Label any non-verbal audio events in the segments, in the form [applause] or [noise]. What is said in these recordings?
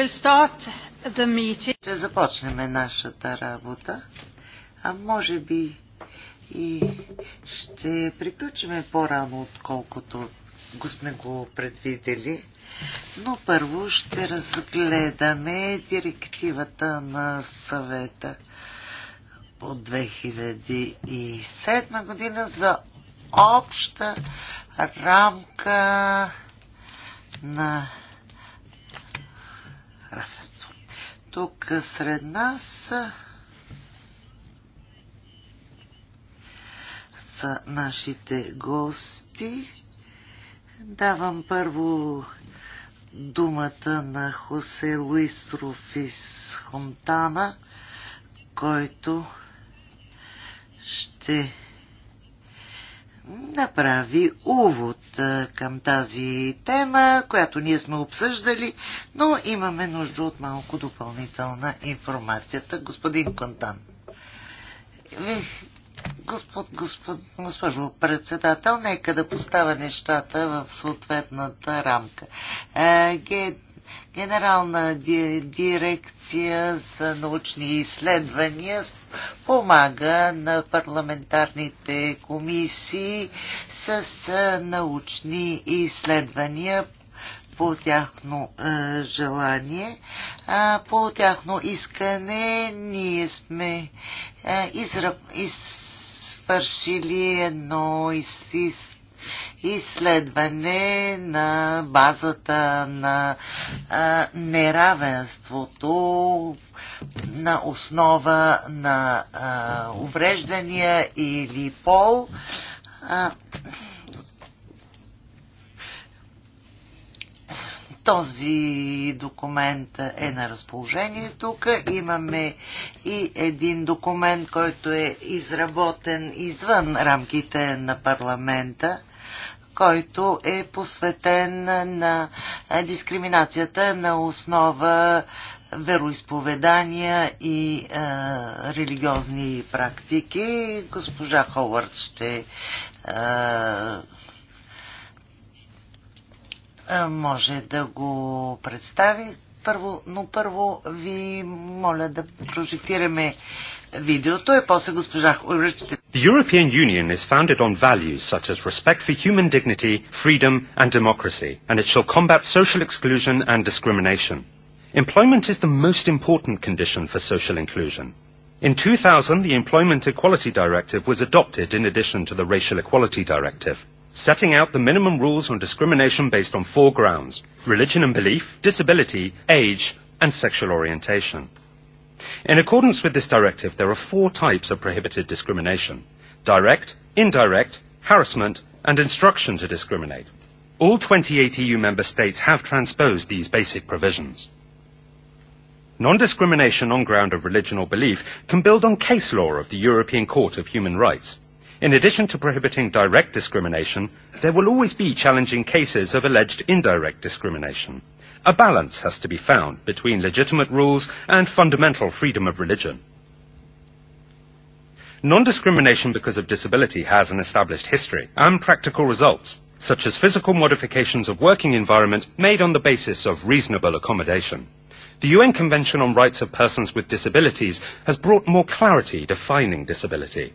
We'll Ще започнем нашата работа, а може би и ще приключиме по-рано, отколкото го сме го предвидели. Но първо ще разгледаме директивата на съвета от 2007 година за обща рамка на равенство. Тук сред нас са нашите гости. Давам първо думата на Хосе Луис Руфис Хонтана, който ще направи увод към тази тема, която ние сме обсъждали, но имаме нужда от малко допълнителна информацията. Господин Контан. Господ, господ, госпожо председател, нека да поставя нещата в съответната рамка. Е, Генерална дирекция за научни изследвания помага на парламентарните комисии с научни изследвания по тяхно е, желание, а, по тяхно искане ние сме е, изръп, извършили едно из, из, изследване на базата на а, неравенството на основа на а, увреждания или пол. А, Този документ е на разположение тук. Имаме и един документ, който е изработен извън рамките на парламента който е посветен на дискриминацията на основа вероисповедания и а, религиозни практики. Госпожа Ховард ще а, може да го представи. Първо, но първо ви моля да прожектираме видеото е после госпожа Хуръчте. The European Union is founded on values such as respect for human dignity, freedom and democracy, and it shall combat social exclusion and discrimination. Employment is the most important condition for social inclusion. In 2000, the Employment Equality Directive was adopted in addition to the Racial Equality Directive, setting out the minimum rules on discrimination based on four grounds religion and belief, disability, age, and sexual orientation in accordance with this directive there are four types of prohibited discrimination direct indirect harassment and instruction to discriminate. all twenty eight eu member states have transposed these basic provisions. non discrimination on ground of religion or belief can build on case law of the european court of human rights. in addition to prohibiting direct discrimination there will always be challenging cases of alleged indirect discrimination. A balance has to be found between legitimate rules and fundamental freedom of religion. Non-discrimination because of disability has an established history and practical results, such as physical modifications of working environment made on the basis of reasonable accommodation. The UN Convention on Rights of Persons with Disabilities has brought more clarity defining disability.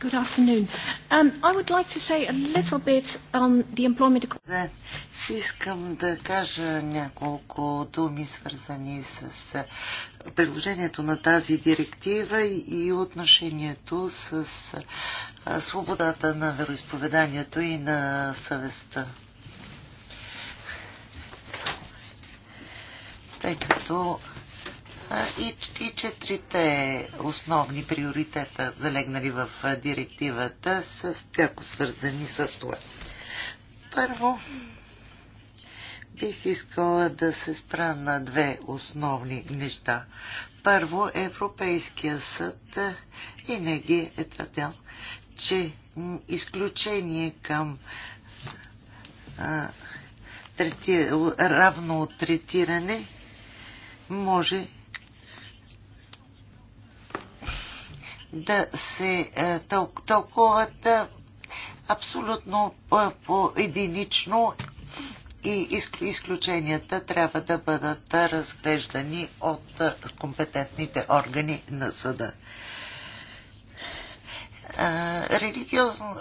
Good afternoon. Um, I would like to say a little bit on the employment... Да, искам да кажа няколко думи, свързани с приложението на тази директива и отношението с свободата на вероисповеданието и на съвестта. Тъй като и, и четирите основни приоритета, залегнали в директивата, са пряко свързани с това. Първо, бих искала да се спра на две основни неща. Първо, Европейския съд винаги е твърдял, че изключение към а, трети, равно третиране може да се е, тъл, тълкуват е, абсолютно е, по единично и изключенията трябва да бъдат разглеждани от компетентните органи на съда. Религиозно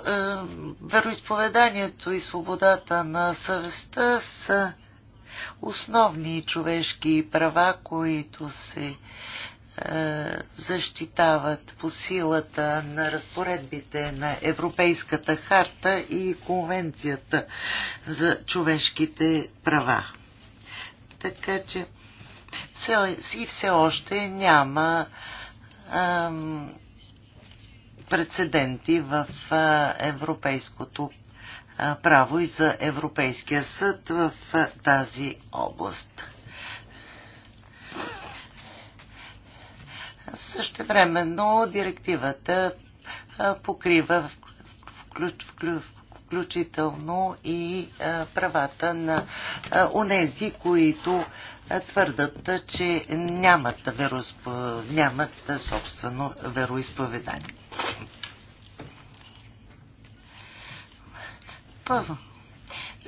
вероисповеданието и свободата на съвестта са основни човешки права, които се е, защитават по силата на разпоредбите на Европейската харта и Конвенцията за човешките права. Така че все, и все още няма ам, прецеденти в а, европейското а, право и за Европейския съд в а, тази област. Също време, но директивата покрива включително и правата на унези, които твърдат, че нямат, вероизпо... нямат собствено вероисповедание. Първо,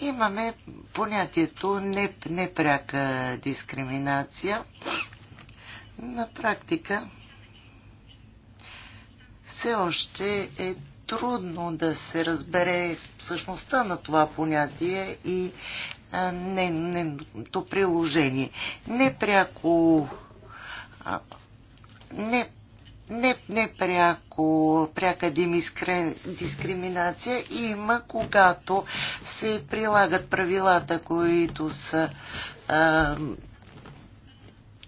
имаме понятието непряка дискриминация – на практика все още е трудно да се разбере същността на това понятие и нейното приложение. Непряко не, не, не пряко, пряка дискриминация има, когато се прилагат правилата, които са а,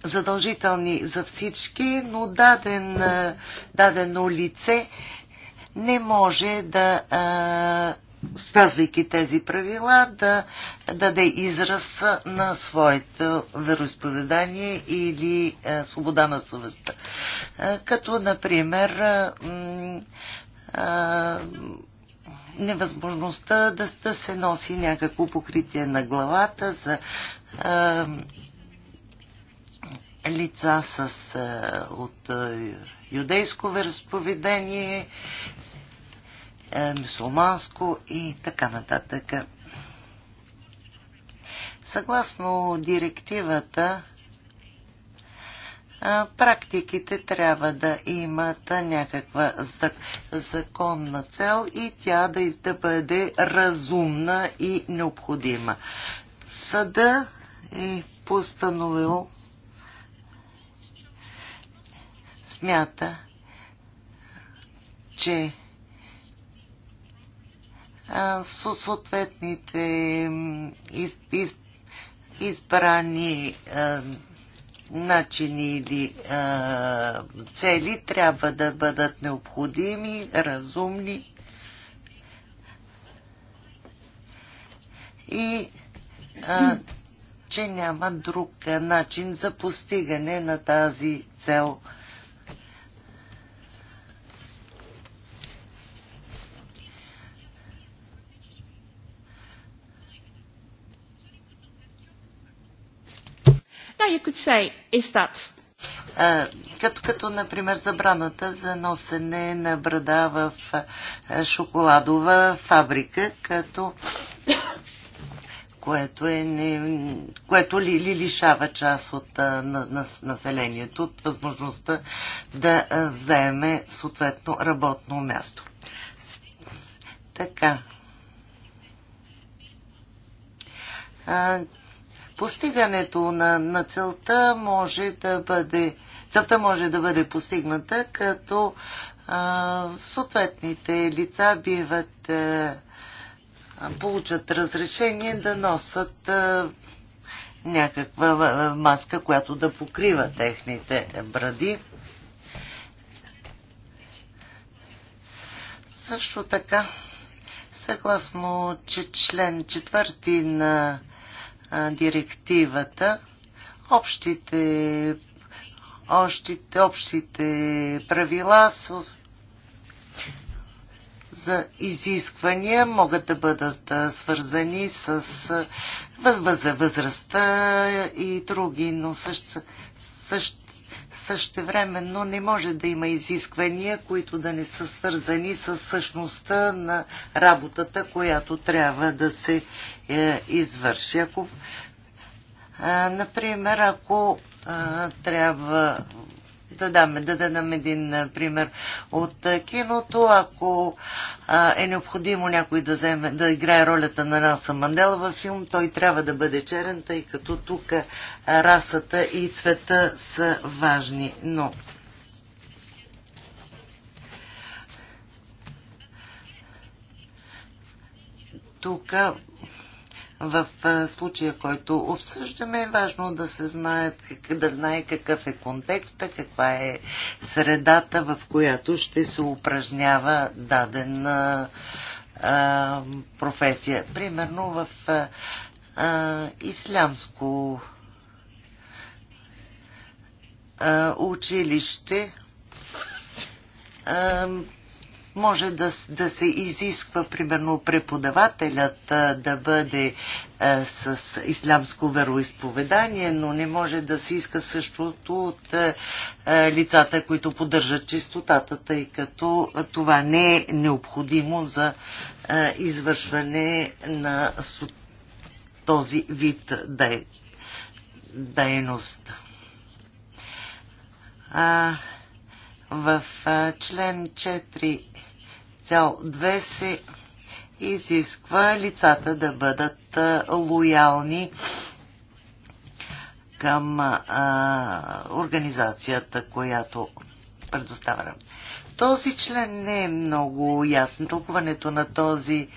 задължителни за всички, но даден, дадено лице не може да, спазвайки тези правила, да даде израз на своето вероисповедание или свобода на съвестта. Като, например, невъзможността да, се носи някакво покритие на главата за лица с, е, от е, юдейско вероисповедение, е, мусулманско и така нататък. Съгласно директивата, практиките трябва да имат някаква законна цел и тя да, да бъде разумна и необходима. Съда е постановил смята, че съответните из, из, избрани а, начини или а, цели трябва да бъдат необходими, разумни и а, че няма друг начин за постигане на тази цел. Now you could say, is that като, като, например, забраната за носене на брада в шоколадова фабрика, като което, е не, което ли, ли лишава част от а, на, на, населението от възможността да а, вземе съответно работно място. Така. А, Постигането на, на целта може да бъде целта може да бъде постигната, като а, съответните лица биват а, получат разрешение да носят а, някаква маска, която да покрива техните бради. Също така, съгласно че член четвърти на директивата, общите, общите, общите правила са за изисквания могат да бъдат свързани с възрастта и други, но също, също Същевременно не може да има изисквания, които да не са свързани с същността на работата, която трябва да се е, извърши. Ако, а, например, ако а, трябва да, дам, да дадам един пример от киното. Ако а, е необходимо някой да, вземе, да играе ролята на Наса Мандела във филм, той трябва да бъде черен, тъй като тук расата и цвета са важни. Но тук в случая, който обсъждаме, е важно да се знае, да знае какъв е контекста, каква е средата, в която ще се упражнява дадена а, професия. Примерно в а, а, ислямско а, училище а, може да, да се изисква, примерно, преподавателят да бъде е, с ислямско вероисповедание, но не може да се иска същото от е, лицата, които поддържат чистотата, тъй като това не е необходимо за е, извършване на този вид дейност. е в член 4,2 се изисква лицата да бъдат лоялни към а, организацията, която предоставя. Този член не е много ясен. Тълкуването на този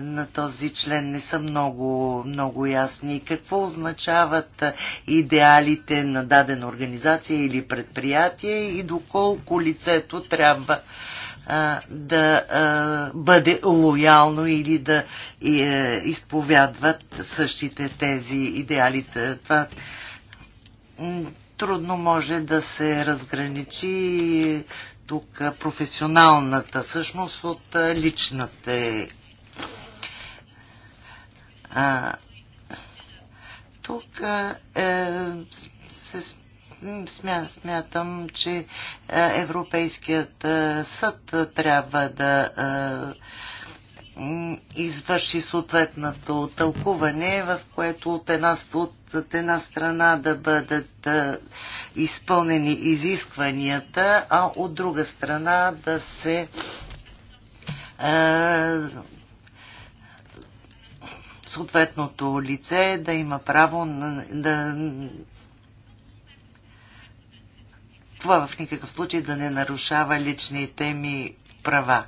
на този член не са много, много ясни. Какво означават идеалите на дадена организация или предприятие и доколко лицето трябва а, да а, бъде лоялно или да и, а, е, изповядват същите тези идеали. Това трудно може да се разграничи тук професионалната същност от личната а, тук е, се смя, смятам, че Европейският съд трябва да е, извърши съответното тълкуване, в което от една, от, една страна да бъдат е, изпълнени изискванията, а от друга страна да се е, съответното лице да има право на, да това в никакъв случай да не нарушава лични теми права.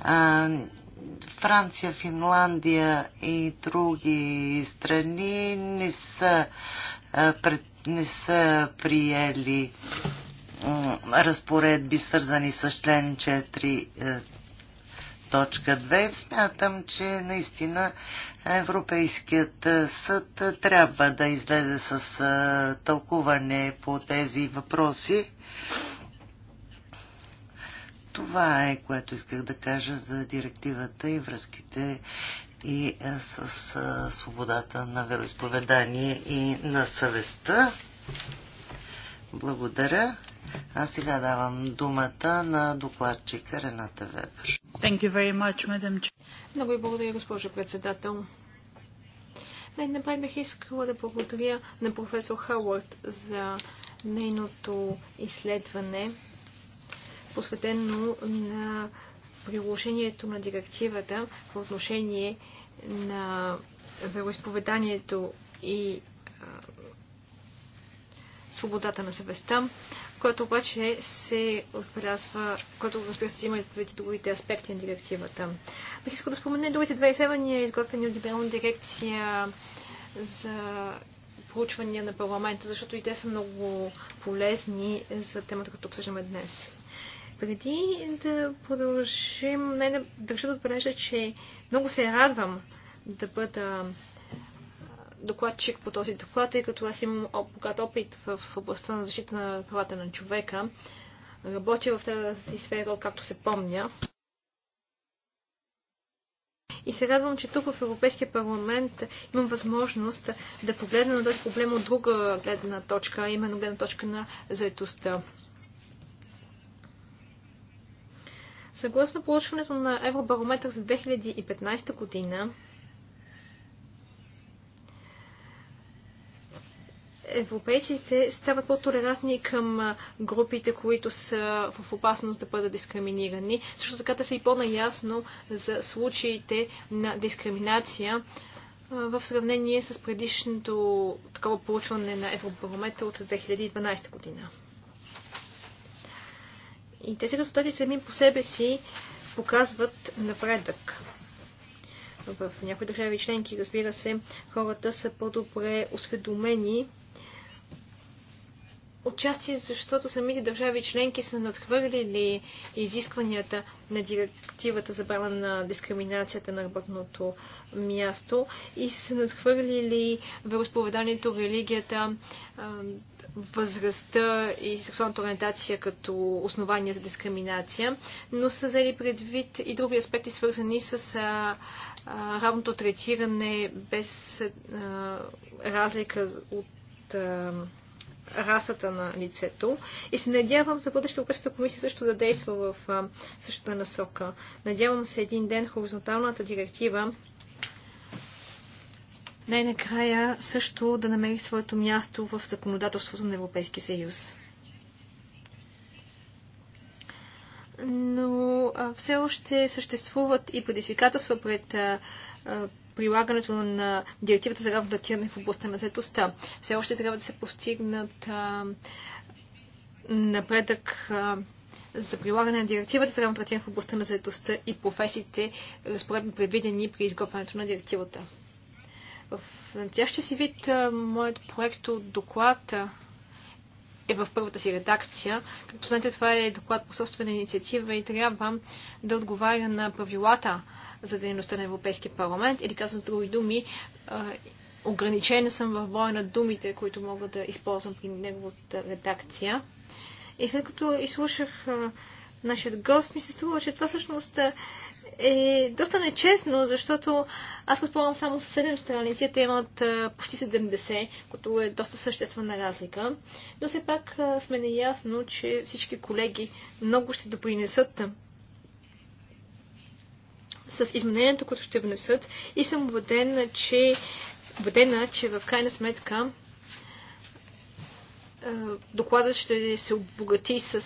А, Франция, Финландия и други страни не са, а, пред, не са приели разпоредби, свързани с член 4, точка 2. Смятам, че наистина Европейският съд трябва да излезе с тълкуване по тези въпроси. Това е, което исках да кажа за директивата и връзките и с свободата на вероисповедание и на съвестта. Благодаря. А сега давам думата на докладчика Рената Вебер. Thank you very much, madam. Много ви благодаря, госпожо председател. Най-напред бих искала да благодаря на професор Хауърд за нейното изследване, посветено на приложението на директивата по отношение на вероисповеданието и а, свободата на съвестта което обаче се отбелязва, което разбира се има и другите аспекти на директивата. Бих искал да спомена другите две изследвания, изготвени от Генерална дирекция за проучвания на парламента, защото и те са много полезни за темата, като обсъждаме днес. Преди да продължим, най- държа да отбележа, че много се радвам да бъда докладчик по този доклад, тъй като аз имам богат опит в областта на защита на правата на човека. Работя в тази сфера, както се помня. И се радвам, че тук в Европейския парламент имам възможност да погледна на този проблем от друга гледна точка, именно гледна точка на заетостта. Съгласно получването на Евробарометър за 2015 година, европейците стават по-толерантни към групите, които са в опасност да бъдат дискриминирани. Също така те са и по-наясно за случаите на дискриминация в сравнение с предишното такова получване на Евробарометър от 2012 година. И тези резултати сами по себе си показват напредък в някои държави членки, разбира се, хората са по-добре осведомени Отчасти защото самите държави членки са надхвърлили изискванията на директивата за права на дискриминацията на работното място и са надхвърлили вероисповеданието, религията, възрастта и сексуалната ориентация като основания за дискриминация, но са взели предвид и други аспекти, свързани с равното третиране без разлика от расата на лицето. И се надявам за бъдеще Украинската комисия също да действа в същата насока. Надявам се един ден хоризонталната директива най-накрая също да намери своето място в законодателството на Европейския съюз. но все още съществуват и предизвикателства пред прилагането на директивата за равно датиране в областта на заедостта. Все още трябва да се постигнат напредък за прилагане на директивата за равно датиране в областта на заедостта и професиите, разпоредно предвидени при изготвянето на директивата. В настоящия си вид моят проект от доклад е в първата си редакция. Както знаете, това е доклад по собствена инициатива и трябва да отговаря на правилата за дейността на Европейския парламент или казвам с други думи, ограничена съм в боя на думите, които мога да използвам при неговата редакция. И след като изслушах нашия гост, ми се струва, че това всъщност е доста нечестно, защото аз разполагам само 7 страници, те имат почти 70, което е доста съществена разлика. Но все пак сме наясно, че всички колеги много ще допринесат с измененията, които ще внесат и съм убедена, че, убедена, че в крайна сметка докладът ще се обогати с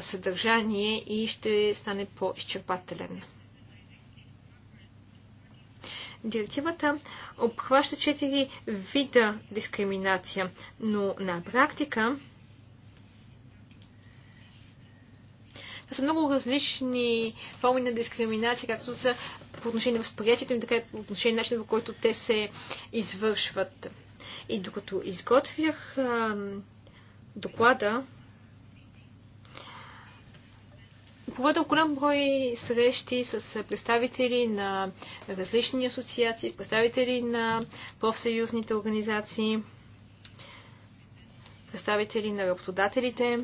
съдържание и ще стане по-изчерпателен. Директивата обхваща четири вида дискриминация, но на практика са много различни форми на дискриминация, както са по отношение на възприятието им, така и по отношение на начина, по който те се извършват. И докато изготвях а, доклада, проведох голям брой срещи с представители на различни асоциации, с представители на профсъюзните организации, представители на работодателите,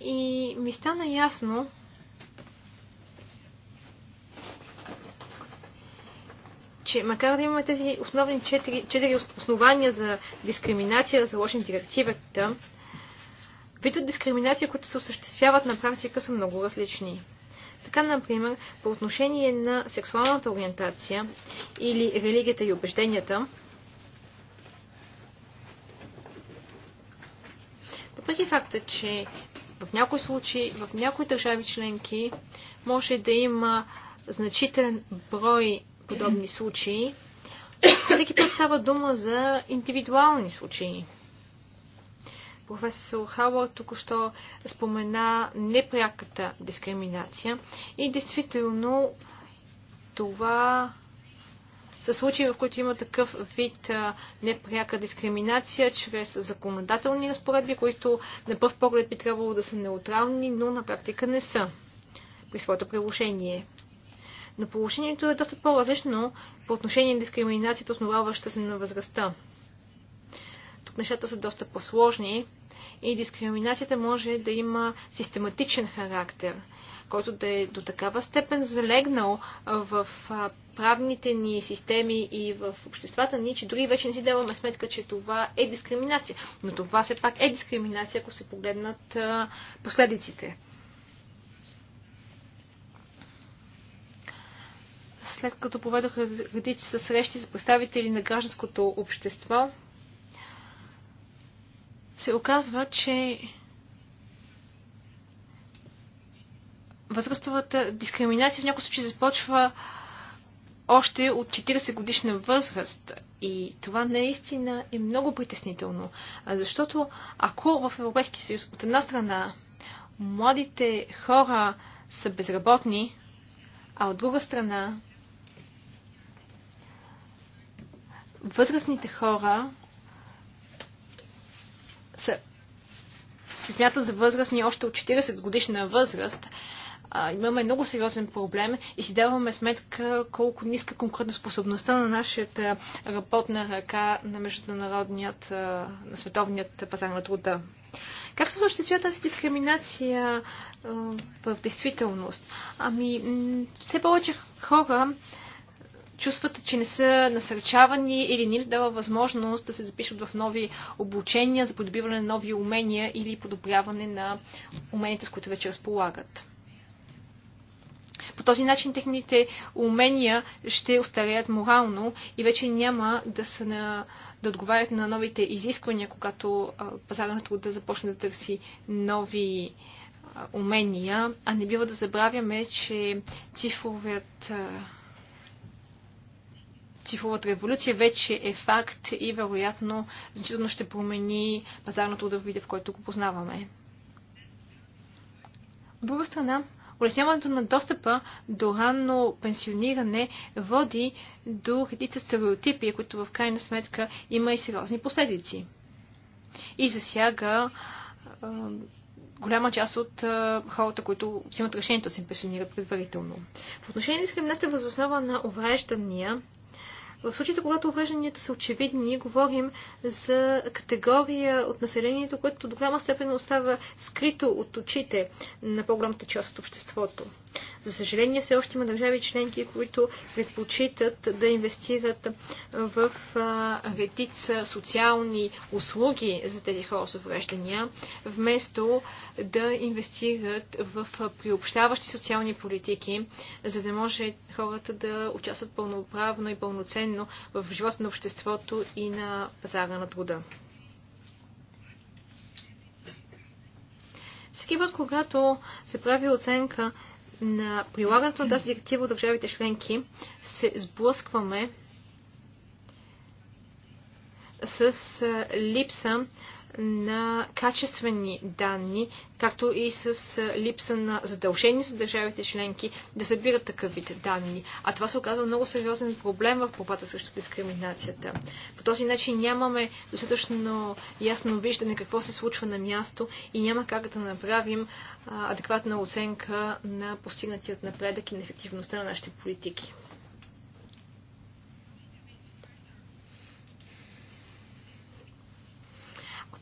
и ми стана ясно, че макар да имаме тези основни четири, четири основания за дискриминация, заложени в директивата, видът дискриминация, които се осъществяват на практика, са много различни. Така, например, по отношение на сексуалната ориентация или религията и убежденията, въпреки факта, че в някои случаи, в някои държави членки може да има значителен брой подобни случаи. Всеки път става дума за индивидуални случаи. Професор Хауър току-що спомена непряката дискриминация и действително това са случаи, в които има такъв вид непряка дискриминация чрез законодателни разпоредби, които на пръв поглед би трябвало да са неутрални, но на практика не са при своето приложение. Но положението е доста по-различно по отношение на дискриминацията, основаваща се на възрастта. Тук нещата са доста по-сложни, и дискриминацията може да има систематичен характер, който да е до такава степен залегнал в правните ни системи и в обществата ни, че дори вече не си даваме сметка, че това е дискриминация. Но това все пак е дискриминация, ако се погледнат последиците. след като поведох редичи срещи с представители на гражданското общество, се оказва, че възрастовата дискриминация в някои случаи започва още от 40 годишна възраст. И това наистина е много притеснително, защото ако в Европейския съюз от една страна младите хора са безработни, а от друга страна възрастните хора са, се смятат за възрастни още от 40 годишна възраст, а, имаме много сериозен проблем и си даваме сметка колко ниска конкурентоспособността на нашата работна ръка на международният, на световният пазар на труда. Как се осъществява тази дискриминация а, в действителност? Ами, все повече хора чувстват, че не са насърчавани или не им дава възможност да се запишат в нови обучения за подобиване на нови умения или подобряване на уменията, с които вече разполагат. По този начин техните умения ще остареят морално и вече няма да са на да отговарят на новите изисквания, когато пазара на труда започне да търси нови умения. А не бива да забравяме, че цифровият цифровата революция вече е факт и вероятно значително ще промени пазарното да в който го познаваме. От друга страна, улесняването на достъпа до ранно пенсиониране води до редица стереотипи, които в крайна сметка има и сериозни последици. И засяга е, голяма част от е, хората, които взимат решението да се пенсионират предварително. В отношение на дискриминацията възоснова на увреждания, в случаите, когато уврежданията са очевидни, ние говорим за категория от населението, което до голяма степен остава скрито от очите на по-голямата част от обществото. За съжаление, все още има държави членки, които предпочитат да инвестират в редица социални услуги за тези хора с увреждания, вместо да инвестират в приобщаващи социални политики, за да може хората да участват пълноправно и пълноценно в живота на обществото и на пазара на труда. Всеки път, когато се прави оценка на прилагането на тази директива от държавите членки се сблъскваме с липса на качествени данни, както и с липса на задължени за държавите членки да събират такъв вид данни. А това се оказва много сериозен проблем в попата срещу дискриминацията. По този начин нямаме достатъчно ясно виждане какво се случва на място и няма как да направим адекватна оценка на постигнатият напредък и на ефективността на нашите политики.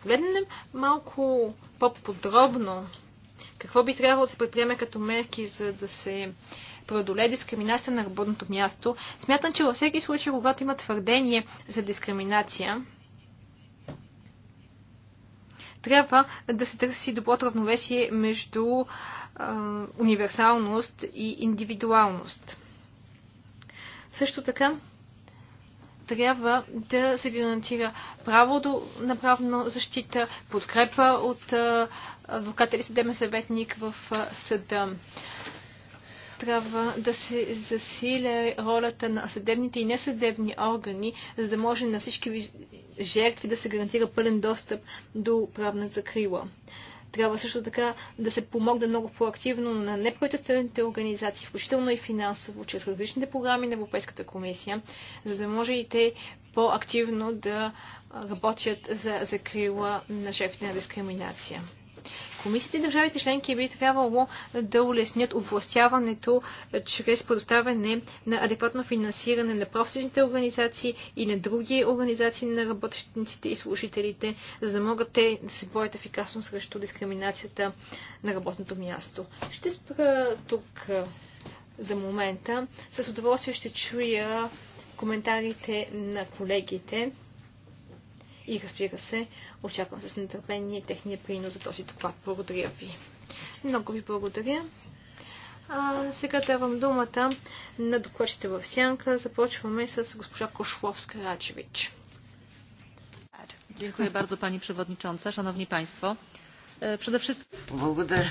погледнем малко по-подробно какво би трябвало да се предприеме като мерки, за да се преодолее дискриминация на работното място, смятам, че във всеки случай, когато има твърдение за дискриминация, трябва да се търси доброто равновесие между универсалност и индивидуалност. Също така, трябва да се гарантира правото на правна защита, подкрепа от адвокат или съдебен съветник в съда. Трябва да се засиля ролята на съдебните и несъдебни органи, за да може на всички жертви да се гарантира пълен достъп до правна закрила. Трябва също така да се помогне много по-активно на неправителствените организации, включително и финансово, чрез различните програми на Европейската комисия, за да може и те по-активно да работят за закрила на шефите на дискриминация. Комисията и държавите членки би трябвало да улеснят овластяването е, чрез предоставяне на адекватно финансиране на профсъюзните организации и на други организации на работещите и служителите, за да могат те да се борят ефикасно срещу дискриминацията на работното място. Ще спра тук е, за момента. С удоволствие ще чуя коментарите на колегите и разбира се, очаквам с нетърпение техния принос за този доклад. Благодаря ви. Много ви благодаря. А, сега давам думата на докладчите в сянка. Започваме с госпожа Кошловска Раджевич. Dziękuję bardzo Pani Przewodnicząca, Szanowni Państwo. E, przede wszystkim... Благодаря.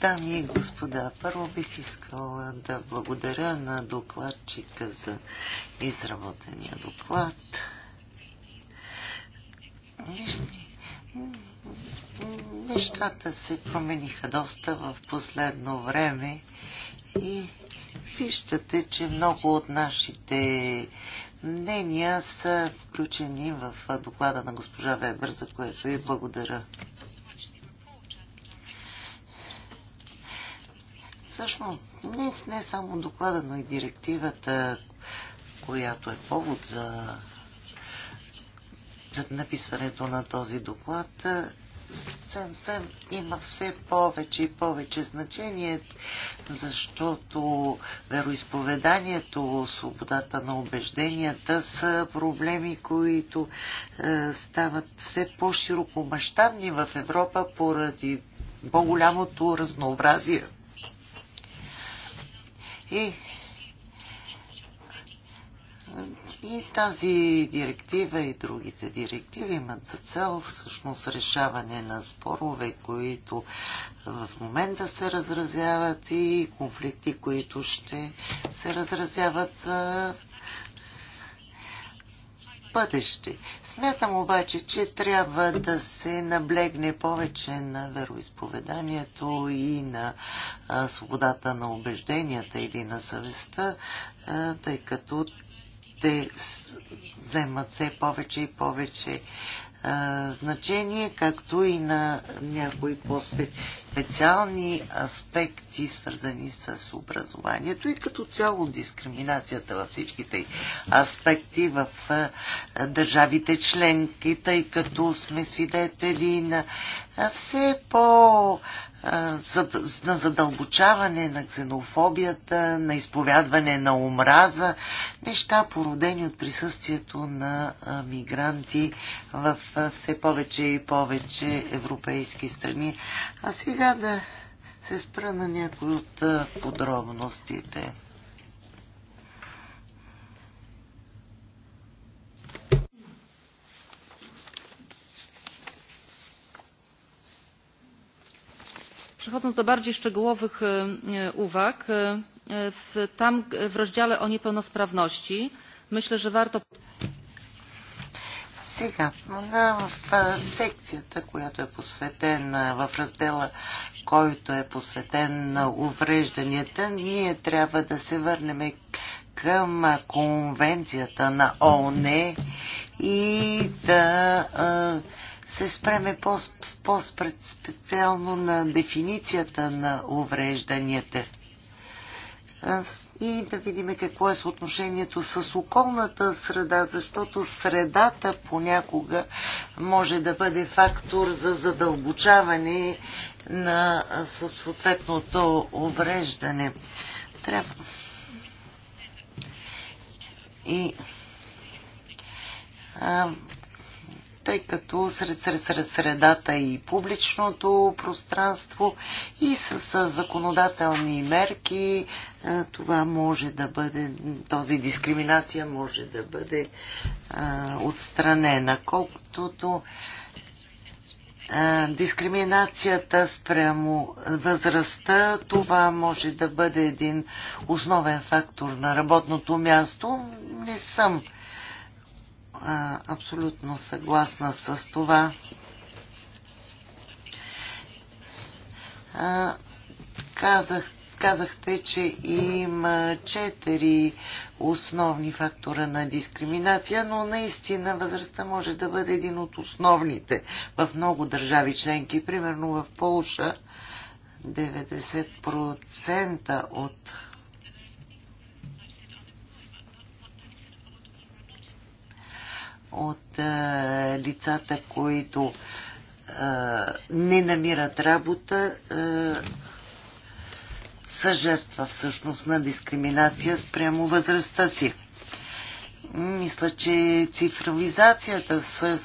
Дами и господа, първо бих искала да благодаря на докладчика за изработения доклад. Нещата се промениха доста в последно време и виждате, че много от нашите мнения са включени в доклада на госпожа Вебер, за което и благодаря. всъщност не, не само доклада, но и директивата, която е повод за, за написването на този доклад, съм, съм, има все повече и повече значение, защото вероисповеданието, свободата на убежденията са проблеми, които е, стават все по широкомащабни в Европа поради по-голямото разнообразие и, и тази директива и другите директиви имат за цел всъщност решаване на спорове, които в момента се разразяват и конфликти, които ще се разразяват за бъдеще. Смятам обаче, че трябва да се наблегне повече на вероисповеданието и на а, свободата на убежденията или на съвестта, а, тъй като те вземат все повече и повече а, значение, както и на някои по-специфични специални аспекти, свързани с образованието и като цяло дискриминацията във всичките аспекти в държавите членки, тъй като сме свидетели на все по на задълбочаване на ксенофобията, на изповядване на омраза, неща породени от присъствието на мигранти в все повече и повече европейски страни. А сега сега да се спра на някои от подробностите. Przechodząc do bardziej szczegółowych uwag, w, tam w rozdziale o niepełnosprawności myślę, że warto. Сега, в секцията, която е посветена в раздела, който е посветен на уврежданията, ние трябва да се върнем към конвенцията на ООН и да се спреме по-специално на дефиницията на уврежданията и да видим какво е съотношението с околната среда, защото средата понякога може да бъде фактор за задълбочаване на съответното увреждане. Трябва. И а, тъй като сред, сред, сред средата и публичното пространство и с, с законодателни мерки е, това може да бъде, този дискриминация може да бъде а, е, отстранена. Колкото а, е, дискриминацията спрямо възрастта, това може да бъде един основен фактор на работното място. Не съм а, абсолютно съгласна с това. А, казах, казахте, че има четири основни фактора на дискриминация, но наистина възрастта може да бъде един от основните в много държави членки. Примерно в Полша 90% от от а, лицата, които а, не намират работа, а, са жертва всъщност на дискриминация спрямо възрастта си. Мисля, че цифровизацията със,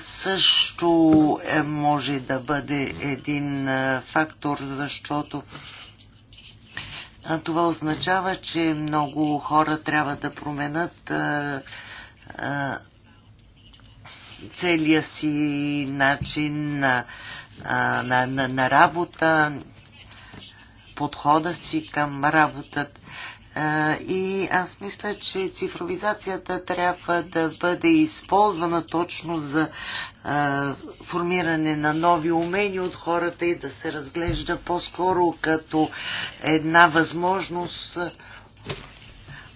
също е, може да бъде един а, фактор, защото а, това означава, че много хора трябва да променят а, целия си начин на, на, на, на работа, подхода си към работата. И аз мисля, че цифровизацията трябва да бъде използвана точно за формиране на нови умения от хората и да се разглежда по-скоро като една възможност,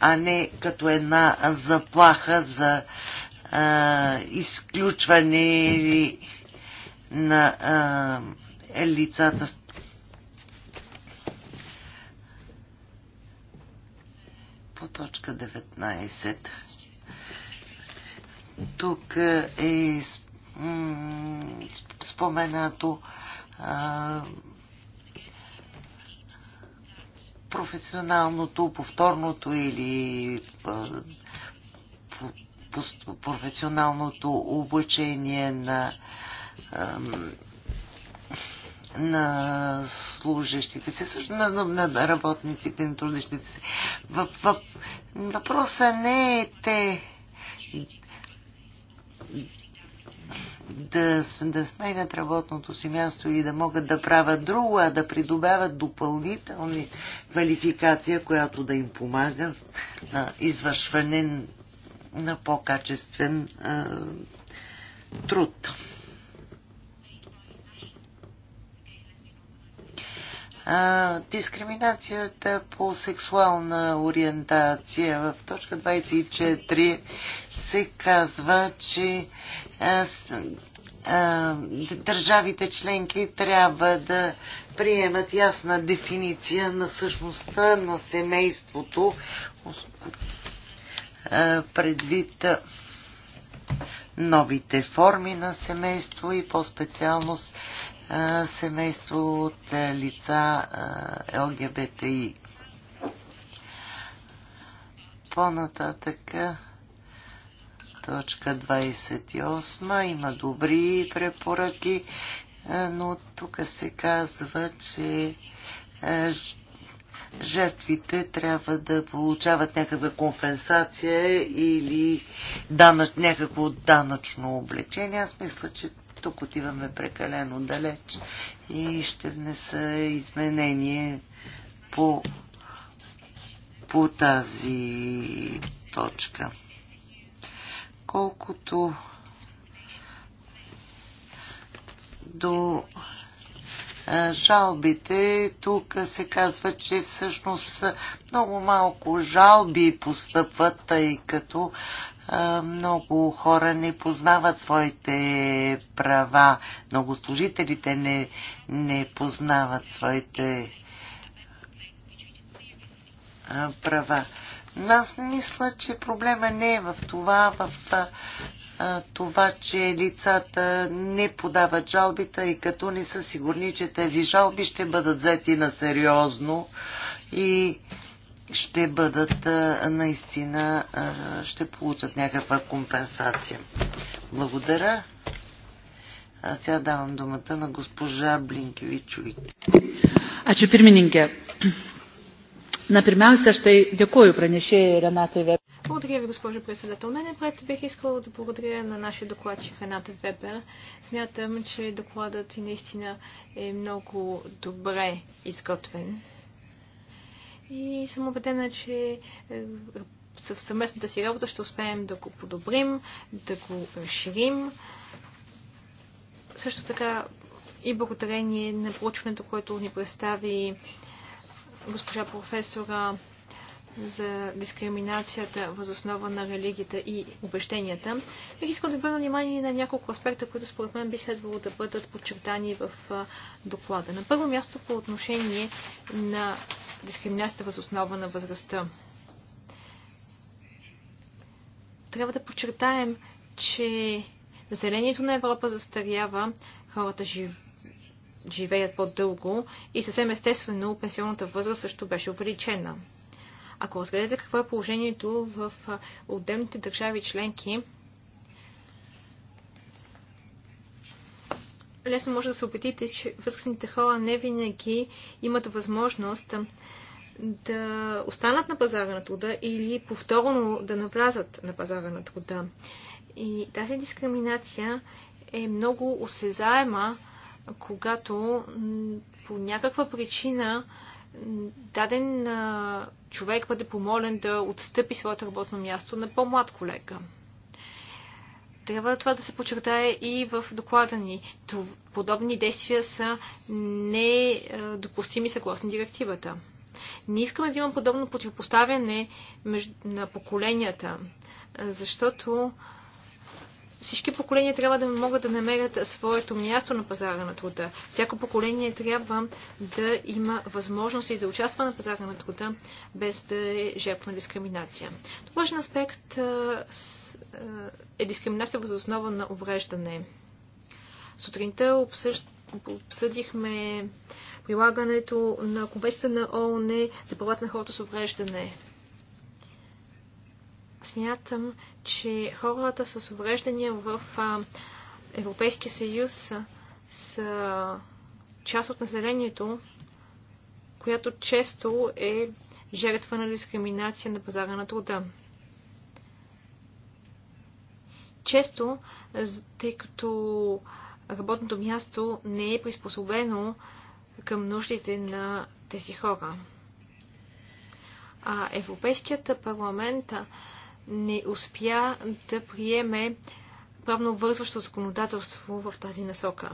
а не като една заплаха за а, изключване на а, е лицата по точка 19. Тук е споменато а, професионалното, повторното или професионалното обучение на на служащите си, също на, на, на работниците, на трудещите си. Въпросът не е те да, да сменят работното си място и да могат да правят друго, а да придобяват допълнителни квалификация, която да им помага на извършване на по-качествен труд. А, дискриминацията по сексуална ориентация в точка 24 се казва, че а, а, държавите членки трябва да приемат ясна дефиниция на същността на семейството, предвид новите форми на семейство и по-специално семейство от лица ЛГБТИ. По-нататък точка 28 има добри препоръки, но тук се казва, че жертвите трябва да получават някаква компенсация или данъч, някакво данъчно облечение. Аз мисля, че тук отиваме прекалено далеч и ще внеса изменение по, по тази точка. Колкото до жалбите. Тук се казва, че всъщност много малко жалби постъпват, тъй като много хора не познават своите права, много служителите не, не познават своите права. Но аз мисля, че проблема не е в това, в това, че лицата не подават жалбите и като не са сигурни, че тези жалби ще бъдат взети на сериозно и ще бъдат наистина, ще получат някаква компенсация. Благодаря. А сега давам думата на госпожа Блинкевичовите. Ačiū pirmininkė. Na, pirmiausia, aš tai dėkoju pranešėjai Renatai Weber. Благодаря ви, госпожо председател. Най-напред бих искала да благодаря на нашия докладчик Ханата Вебер. Смятам, че докладът и наистина е много добре изготвен. И съм убедена, че е, в съвместната си работа ще успеем да го подобрим, да го разширим. Също така и благодарение на проучването, което ни представи госпожа професора за дискриминацията въз основа на религията и обещенията, Бих искал да обърна внимание на няколко аспекта, които според мен би следвало да бъдат подчертани в доклада. На първо място по отношение на дискриминацията въз основа на възрастта. Трябва да подчертаем, че населението на Европа застарява, хората жив... живеят по-дълго и съвсем естествено пенсионната възраст също беше увеличена. Ако разгледате какво е положението в отделните държави членки, лесно може да се убедите, че възрастните хора не винаги имат възможност да останат на пазара на труда или повторно да навлязат на пазара на труда. И тази дискриминация е много осезаема, когато по някаква причина даден а, човек бъде помолен да отстъпи своето работно място на по-млад колега. Трябва това да се подчертае и в доклада ни. Подобни действия са недопустими съгласно директивата. Не искаме да има подобно противопоставяне на поколенията, защото всички поколения трябва да могат да намерят своето място на пазара на труда. Всяко поколение трябва да има възможност и да участва на пазара на труда, без да е жертва на дискриминация. Друг важен аспект е дискриминация въз основа на увреждане. Сутринта обсъдихме прилагането на Конвенцията на ООН за правата на хората с увреждане Смятам, че хората с увреждания в Европейския съюз са част от населението, която често е жертва на дискриминация на пазара на труда. Често, тъй като работното място не е приспособено към нуждите на тези хора. А Европейският парламент не успя да приеме правно вързващо законодателство в тази насока.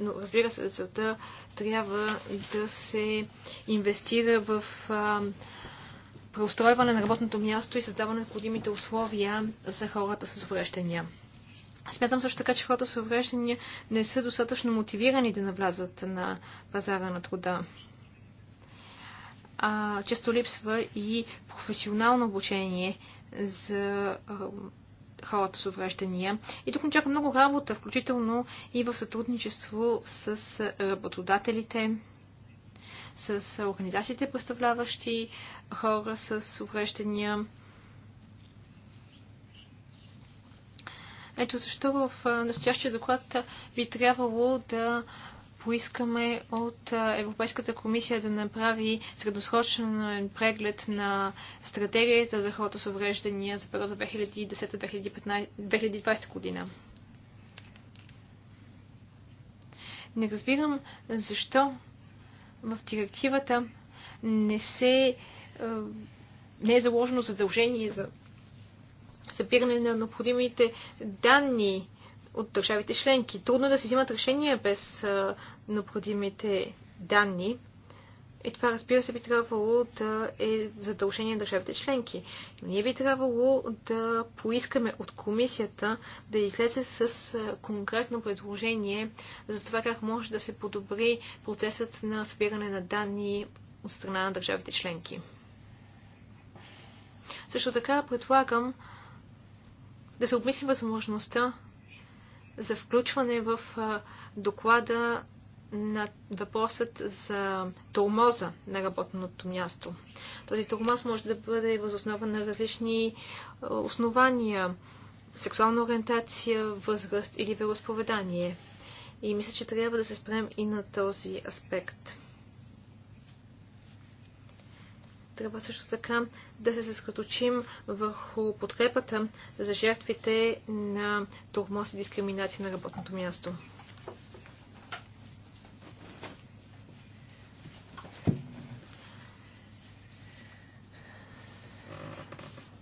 Но разбира се, целта трябва да се инвестира в а, преустройване на работното място и създаване на необходимите условия за хората с увреждания. Смятам също така, че хората с увреждания не са достатъчно мотивирани да навлязат на пазара на труда а често липсва и професионално обучение за хората с увреждания. И тук чака много работа, включително и в сътрудничество с работодателите, с организациите, представляващи хора с увреждания. Ето защо в настоящия доклад би трябвало да поискаме от Европейската комисия да направи средосрочен преглед на стратегията за хората с увреждания за периода 2010-2020 година. Не разбирам защо в директивата не се не е заложено задължение за събиране на необходимите данни от държавите членки. Трудно е да се взимат решения без необходимите данни. И това, разбира се, би трябвало да е задължение на държавите членки. Но ние би трябвало да поискаме от комисията да излезе с конкретно предложение за това как може да се подобри процесът на събиране на данни от страна на държавите членки. Също така предлагам да се обмисли възможността за включване в доклада на въпросът за тормоза на работното място. Този тормоз може да бъде възоснова на различни основания сексуална ориентация, възраст или вероисповедание. И мисля, че трябва да се спрем и на този аспект. Трябва също така да се съсредоточим върху подкрепата за жертвите на тормоз и дискриминация на работното място.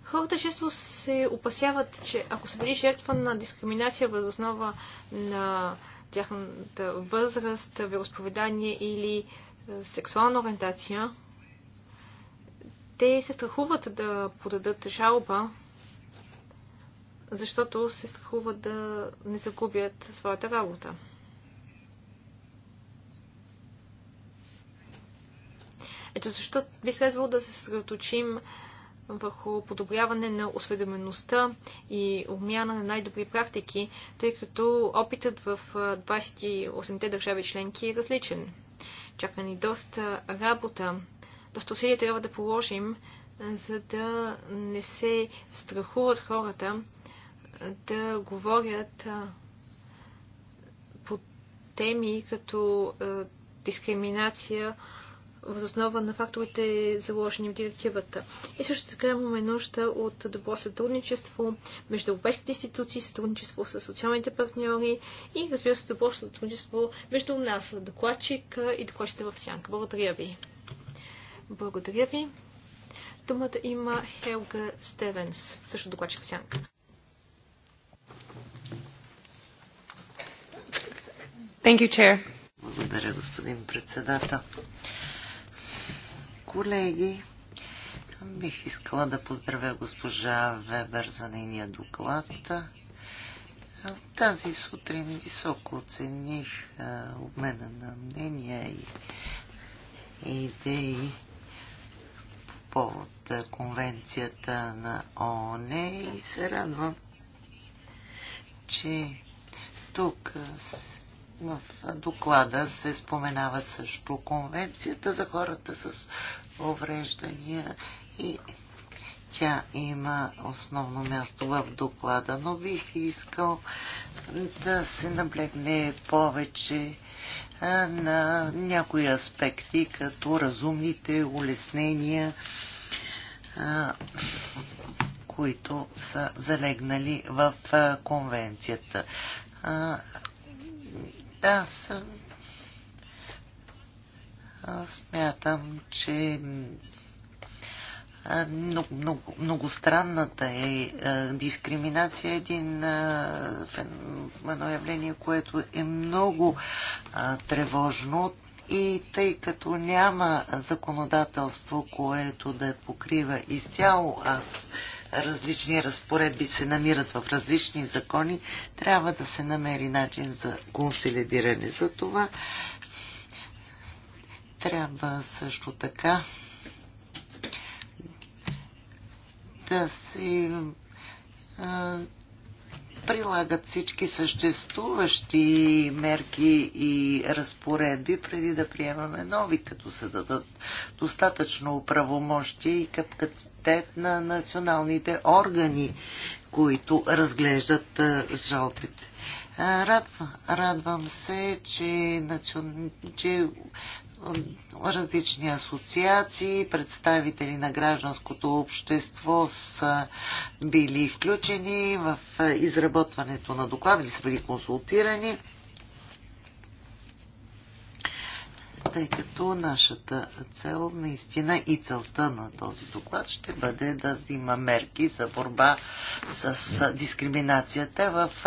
хората често се опасяват, че ако са били жертва на дискриминация въз основа на тяхната възраст, вероисповедание или сексуална ориентация, те се страхуват да подадат жалба, защото се страхуват да не загубят своята работа. Ето защо би следвало да се съсредоточим върху подобряване на осведомеността и обмяна на най-добри практики, тъй като опитът в 28-те държави членки е различен. Чака ни доста работа Просто усилия трябва да положим, за да не се страхуват хората да говорят по теми като дискриминация възоснова основа на факторите заложени в директивата. И също така имаме нужда от добро сътрудничество между европейските институции, сътрудничество с социалните партньори и разбира се добро сътрудничество между нас, докладчик и докладчите в сянка. Благодаря ви. Благодаря ви. Думата има Хелга Стевенс, също докладчик в сянка. Thank you, Chair. Благодаря, господин председател. Колеги, бих искала да поздравя госпожа Вебер за нейния доклад. Тази сутрин високо оцених обмена на мнения и идеи повод конвенцията на ООН и се радвам, че тук в доклада се споменава също конвенцията за хората с увреждания и тя има основно място в доклада, но бих искал да се наблегне повече на някои аспекти, като разумните улеснения, които са залегнали в конвенцията. Да, съм. Смятам, че много, много, многостранната е, дискриминация е един, едно явление, което е много тревожно и тъй като няма законодателство, което да покрива изцяло, аз различни разпоредби се намират в различни закони, трябва да се намери начин за консолидиране. За това трябва също така да се а, прилагат всички съществуващи мерки и разпоредби, преди да приемаме нови, като се дадат достатъчно правомощие и капкатет на националните органи, които разглеждат жалбите. Радвам, радвам се, че, национ... че различни асоциации, представители на гражданското общество са били включени в изработването на доклада или са били консултирани, тъй като нашата цел наистина и целта на този доклад ще бъде да взима мерки за борба с дискриминацията в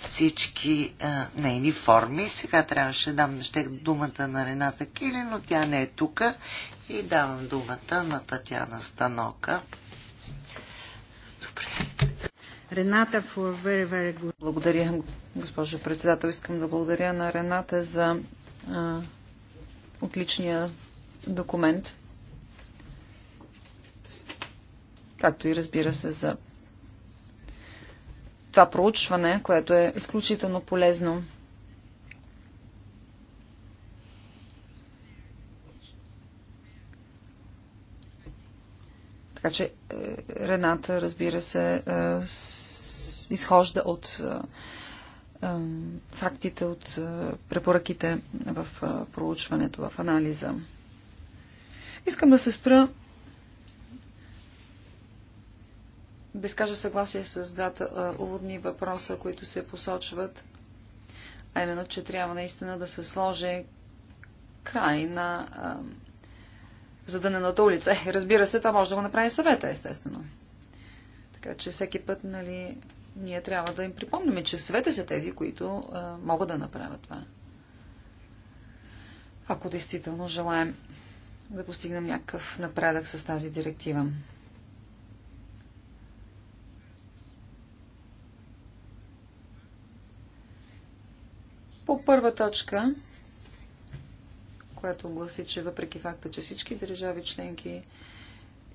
всички а, нейни форми. Сега трябваше да дам ще думата на Рената Кили, но тя не е тук и давам думата на Татьяна Станока. Добре. Рената, for very, very good. Благодаря, госпожо председател. Искам да благодаря на Рената за а, отличния документ, както и разбира се за това проучване, което е изключително полезно. Така че е, Рената, разбира се, е, изхожда от е, фактите, от препоръките в проучването, в анализа. Искам да се спра да изкажа съгласие с двата уводни въпроса, които се посочват, а именно, че трябва наистина да се сложи край на задънената улица. Е, разбира се, това може да го направи съвета, естествено. Така че всеки път, нали, ние трябва да им припомним, че съвета са тези, които а, могат да направят това. Ако действително желаем да постигнем някакъв напредък с тази директива. По първа точка, която гласи, че въпреки факта, че всички държави членки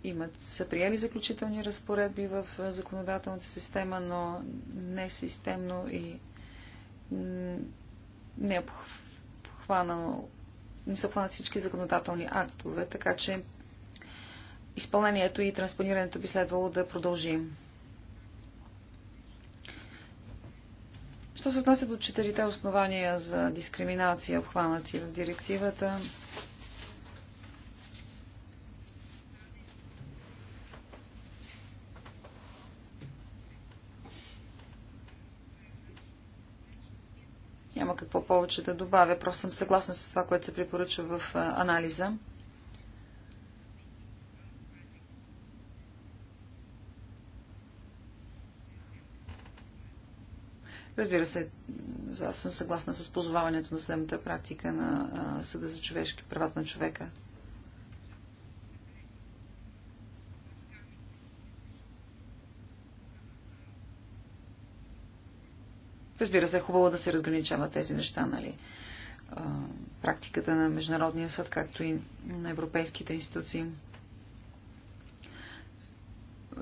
имат, са приели заключителни разпоредби в законодателната система, но не системно и не е обхванало, не са хванат всички законодателни актове, така че изпълнението и транспонирането би следвало да продължим. Що се отнася до четирите основания за дискриминация, обхванати в директивата, Няма какво повече да добавя. Просто съм съгласна с това, което се препоръчва в анализа. Разбира се, аз съм съгласна с позоваването на съдебната практика на Съда за човешки правата на човека. Разбира се, е хубаво да се разграничават тези неща, нали? Практиката на Международния съд, както и на европейските институции.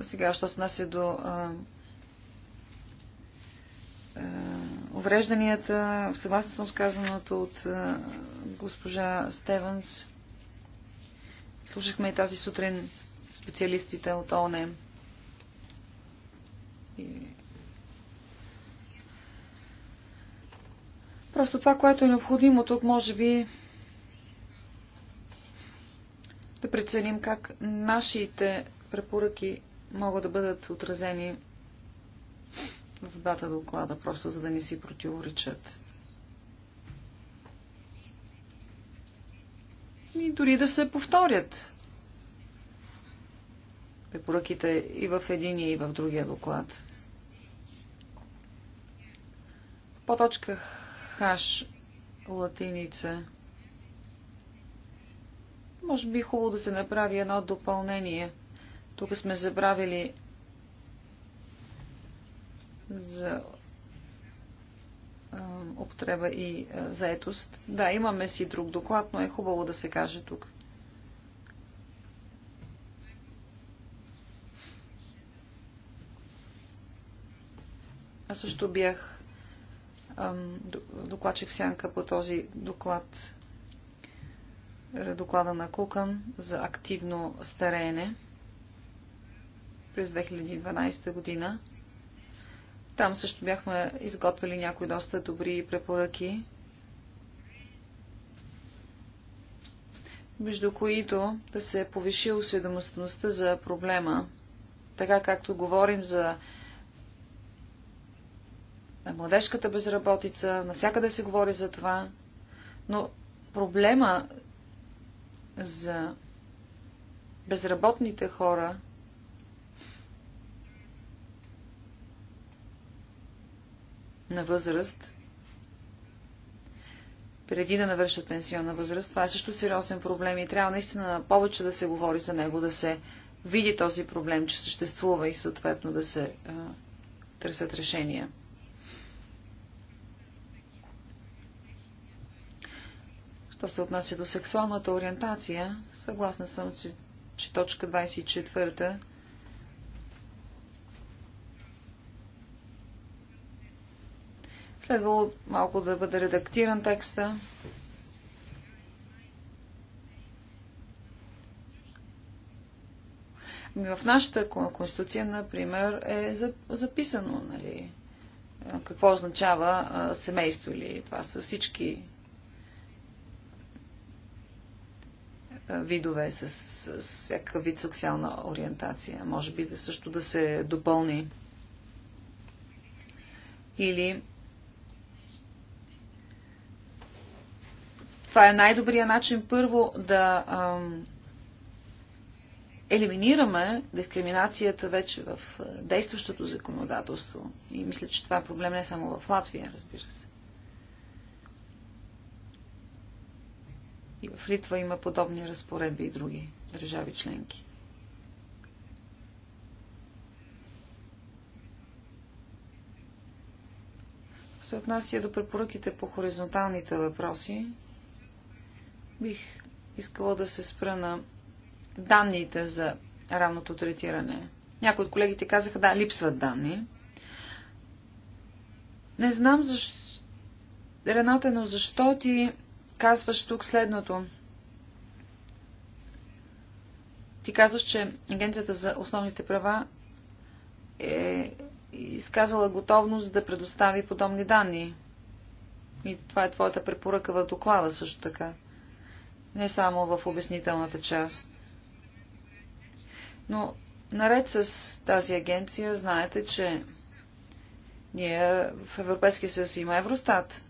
Сега, що се отнася до е, уврежданията. Съгласна съм с казаното от е, госпожа Стевенс. Слушахме и тази сутрин специалистите от ОНЕ. И... Просто това, което е необходимо тук, може би да преценим как нашите препоръки могат да бъдат отразени в двата доклада, просто за да не си противоречат. И дори да се повторят препоръките и в единия, и в другия доклад. По точка хаш латиница. Може би е хубаво да се направи едно допълнение. Тук сме забравили за употреба и заетост. Да, имаме си друг доклад, но е хубаво да се каже тук. Аз също бях докладчик в сянка по този доклад, доклада на Кукън за активно стареене през 2012 година. Там също бяхме изготвили някои доста добри препоръки, между които да се повиши осведомостността за проблема. Така както говорим за младежката безработица, навсякъде се говори за това, но проблема за безработните хора – на възраст, преди да навършат пенсионна възраст, това е също сериозен проблем и трябва наистина повече да се говори за него, да се види този проблем, че съществува и съответно да се а, търсят решения. Що се отнася до сексуалната ориентация, съгласна съм, че, че точка 24 Следвало малко да бъде редактиран текста. В нашата конституция, например, е записано, нали, какво означава семейство или това са всички видове с, с всяка вид социална ориентация. Може би да също да се допълни. Или Това е най-добрият начин първо да ам, елиминираме дискриминацията вече в действащото законодателство. И мисля, че това е проблем не само в Латвия, разбира се. И в Литва има подобни разпоредби и други държави членки. се отнася до препоръките по хоризонталните въпроси, Бих искала да се спра на данните за равното третиране. Някои от колегите казаха, да, липсват данни. Не знам защо. Рената, но защо ти казваш тук следното? Ти казваш, че Агенцията за основните права е изказала готовност да предостави подобни данни. И това е твоята препоръка в доклада също така не само в обяснителната част. Но наред с тази агенция, знаете, че ние в Европейския съюз има Евростат.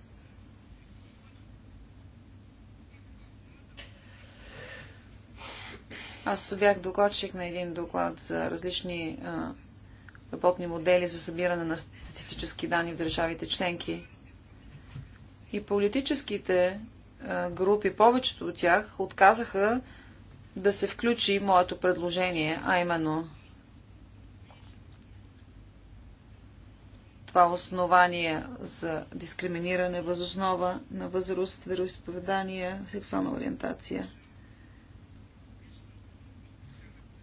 Аз бях докладчик на един доклад за различни а, работни модели за събиране на статистически данни в държавите членки. И политическите групи, повечето от тях отказаха да се включи моето предложение, а именно това основание за дискриминиране възоснова на възраст, вероисповедание, сексуална ориентация,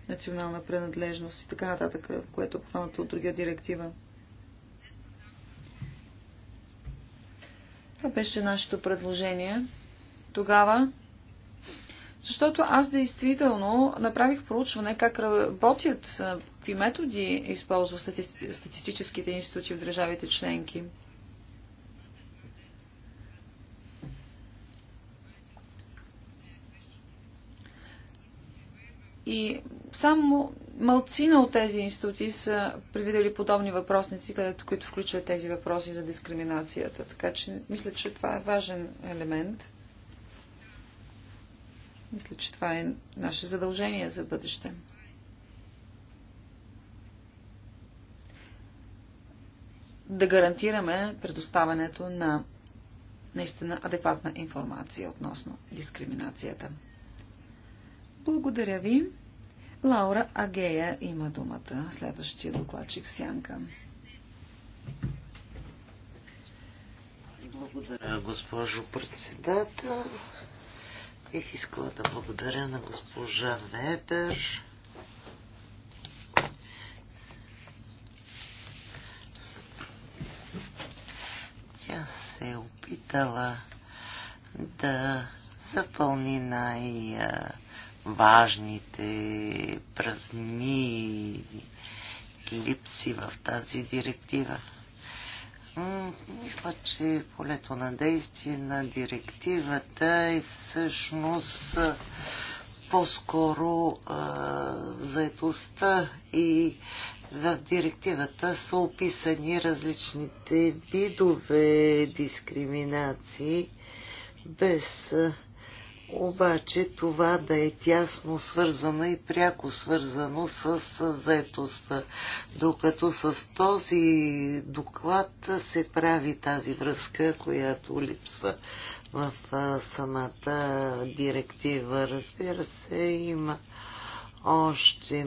национална принадлежност и така нататък, което е обхванато от другия директива. Това беше нашето предложение тогава, защото аз действително направих проучване как работят, какви методи използва стати... статистическите институти в държавите членки. И само малцина от тези институти са предвидели подобни въпросници, където, които включват тези въпроси за дискриминацията. Така че мисля, че това е важен елемент – мисля, че това е наше задължение за бъдеще. Да гарантираме предоставянето на наистина адекватна информация относно дискриминацията. Благодаря ви. Лаура Агея има думата. Следващия докладчик в сянка. Благодаря, госпожо председател. Бих искала да благодаря на госпожа Ведер. Тя се е опитала да запълни най-важните празни липси в тази директива. Мисля, че полето на действие на директивата е всъщност по-скоро заедостта и в директивата са описани различните видове дискриминации без а, обаче това да е тясно свързано и пряко свързано с заетостта. Докато с този доклад се прави тази връзка, която липсва в самата директива. Разбира се, има още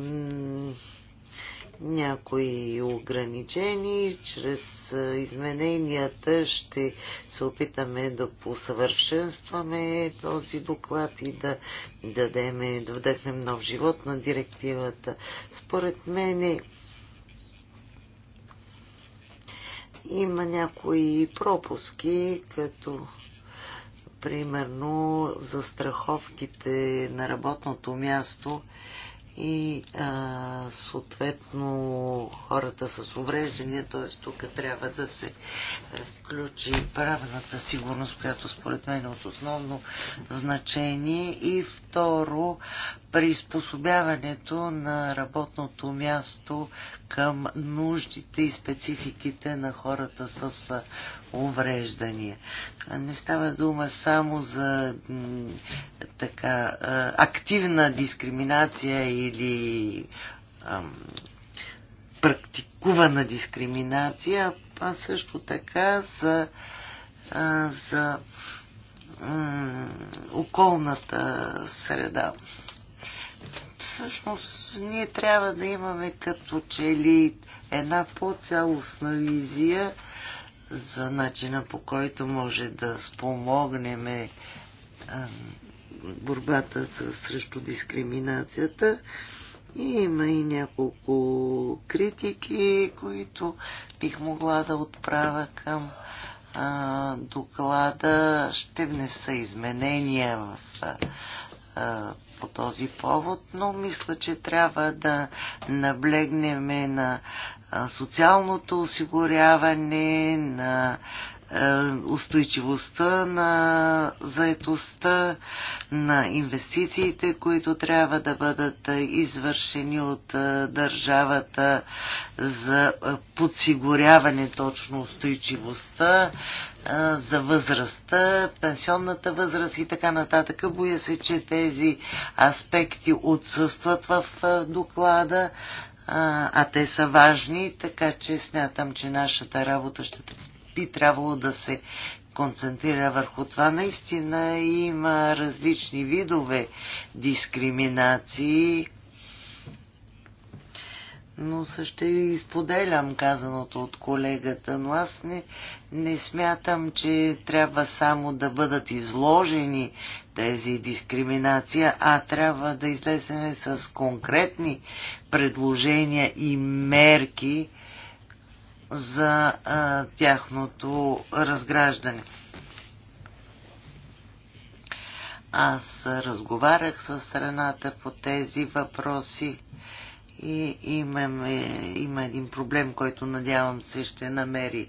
някои ограничени. Чрез измененията ще се опитаме да посъвършенстваме този доклад и да дадеме, да вдъхнем нов живот на директивата. Според мен има някои пропуски, като примерно застраховките на работното място и а, съответно хората с увреждания, т.е. тук трябва да се е, включи правната сигурност, която според мен е от основно значение и второ приспособяването на работното място към нуждите и спецификите на хората с увреждания. Не става дума само за така активна дискриминация или ам, практикувана дискриминация, а също така за, а, за м, околната среда всъщност ние трябва да имаме като че ли една по-цялостна визия за начина по който може да спомогнем е, борбата срещу дискриминацията. И има и няколко критики, които бих могла да отправя към а, доклада. Ще внеса изменения в а, по този повод, но мисля, че трябва да наблегнем на социалното осигуряване, на е, устойчивостта на заетостта, на инвестициите, които трябва да бъдат извършени от е, държавата за е, подсигуряване точно устойчивостта, за възрастта, пенсионната възраст и така нататък. Боя се, че тези аспекти отсъстват в доклада, а те са важни, така че смятам, че нашата работа ще би трябвало да се концентрира върху това. Наистина има различни видове дискриминации, но също и изподелям казаното от колегата, но аз не, не смятам, че трябва само да бъдат изложени тези дискриминация, а трябва да излеземе с конкретни предложения и мерки, за а, тяхното разграждане. Аз разговарях с страната по тези въпроси и имаме, има един проблем, който надявам се ще намери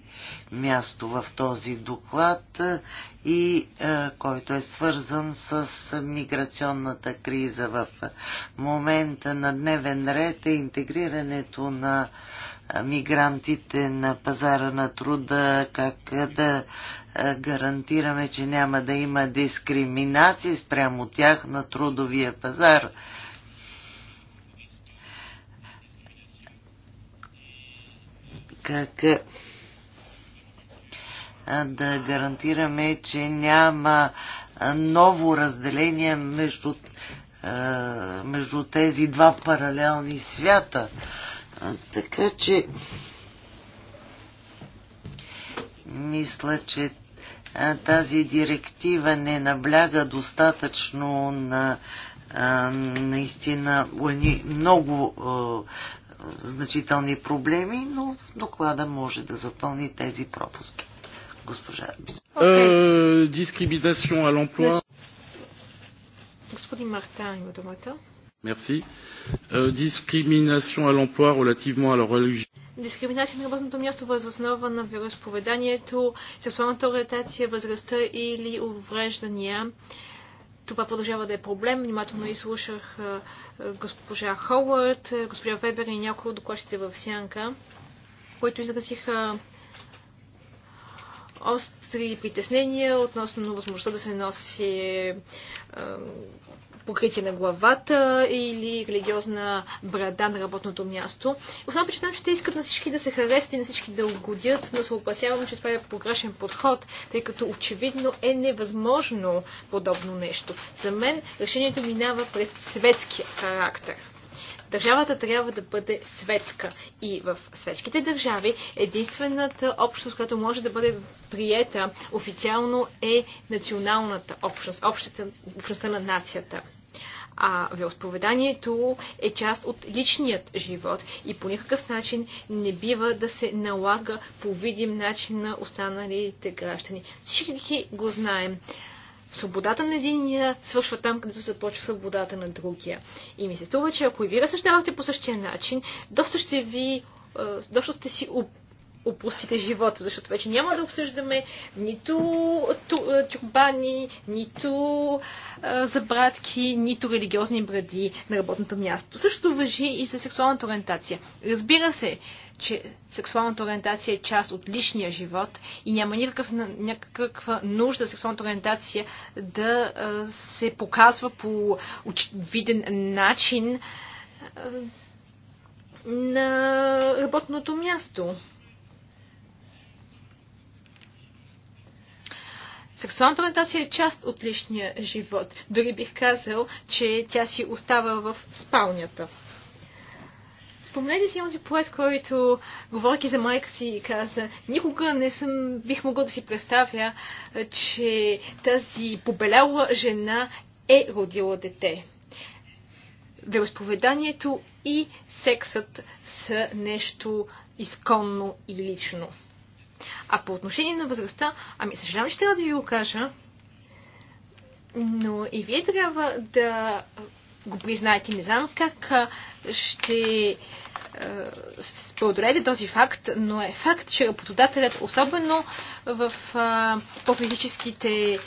място в този доклад и а, който е свързан с миграционната криза в момента на дневен ред е интегрирането на мигрантите на пазара на труда, как да гарантираме, че няма да има дискриминации спрямо тях на трудовия пазар. Как да гарантираме, че няма ново разделение между, между тези два паралелни свята. А, така че мисля, че а, тази директива не набляга достатъчно на а, наистина много значителни проблеми, но доклада може да запълни тези пропуски. Госпожа е, Дискриминация значи, okay. Господин Мартан, има думата. Дискриминация euh, Дискриминация на работното място въз основа на вероисповеданието, сексуалната ориентация, възрастта или увреждания. Това продължава да е проблем. Внимателно изслушах е, е, госпожа Ховард, е, госпожа Вебер и някои от докладчите в Сянка, които изразиха остри притеснения относно възможността да се носи покритие на главата или религиозна брада на работното място. Основно причинам, че те искат на всички да се харесат и на всички да угодят, но се опасявам, че това е погрешен подход, тъй като очевидно е невъзможно подобно нещо. За мен решението минава през светския характер държавата трябва да бъде светска. И в светските държави единствената общност, която може да бъде приета официално е националната общност, общата, общността на нацията. А веосповеданието е част от личният живот и по никакъв начин не бива да се налага по видим начин на останалите граждани. Всички го знаем свободата на единия свършва там, където започва свободата на другия. И ми се струва, че ако и ви разсъждавате по същия начин, доста ще ви е, доста сте си опустите живота, защото вече няма да обсъждаме нито е, тюрбани, нито а, е, забратки, нито религиозни бради на работното място. Същото въжи и за сексуалната ориентация. Разбира се, че сексуалната ориентация е част от личния живот и няма никакъв, някаква нужда сексуалната ориентация да а, е, се показва по очевиден начин а, на работното място. Сексуалната ориентация е част от личния живот. Дори бих казал, че тя си остава в спалнята. Спомнете си онзи поет, който, говоряки за майка си, каза, никога не съм, бих могъл да си представя, че тази побеляла жена е родила дете. Вероисповеданието и сексът са нещо изконно и лично. А по отношение на възрастта, ами съжалявам, че трябва да ви го кажа, но и вие трябва да го признаете. Не знам как ще преодолете този факт, но е факт, че работодателят, особено в по-физическите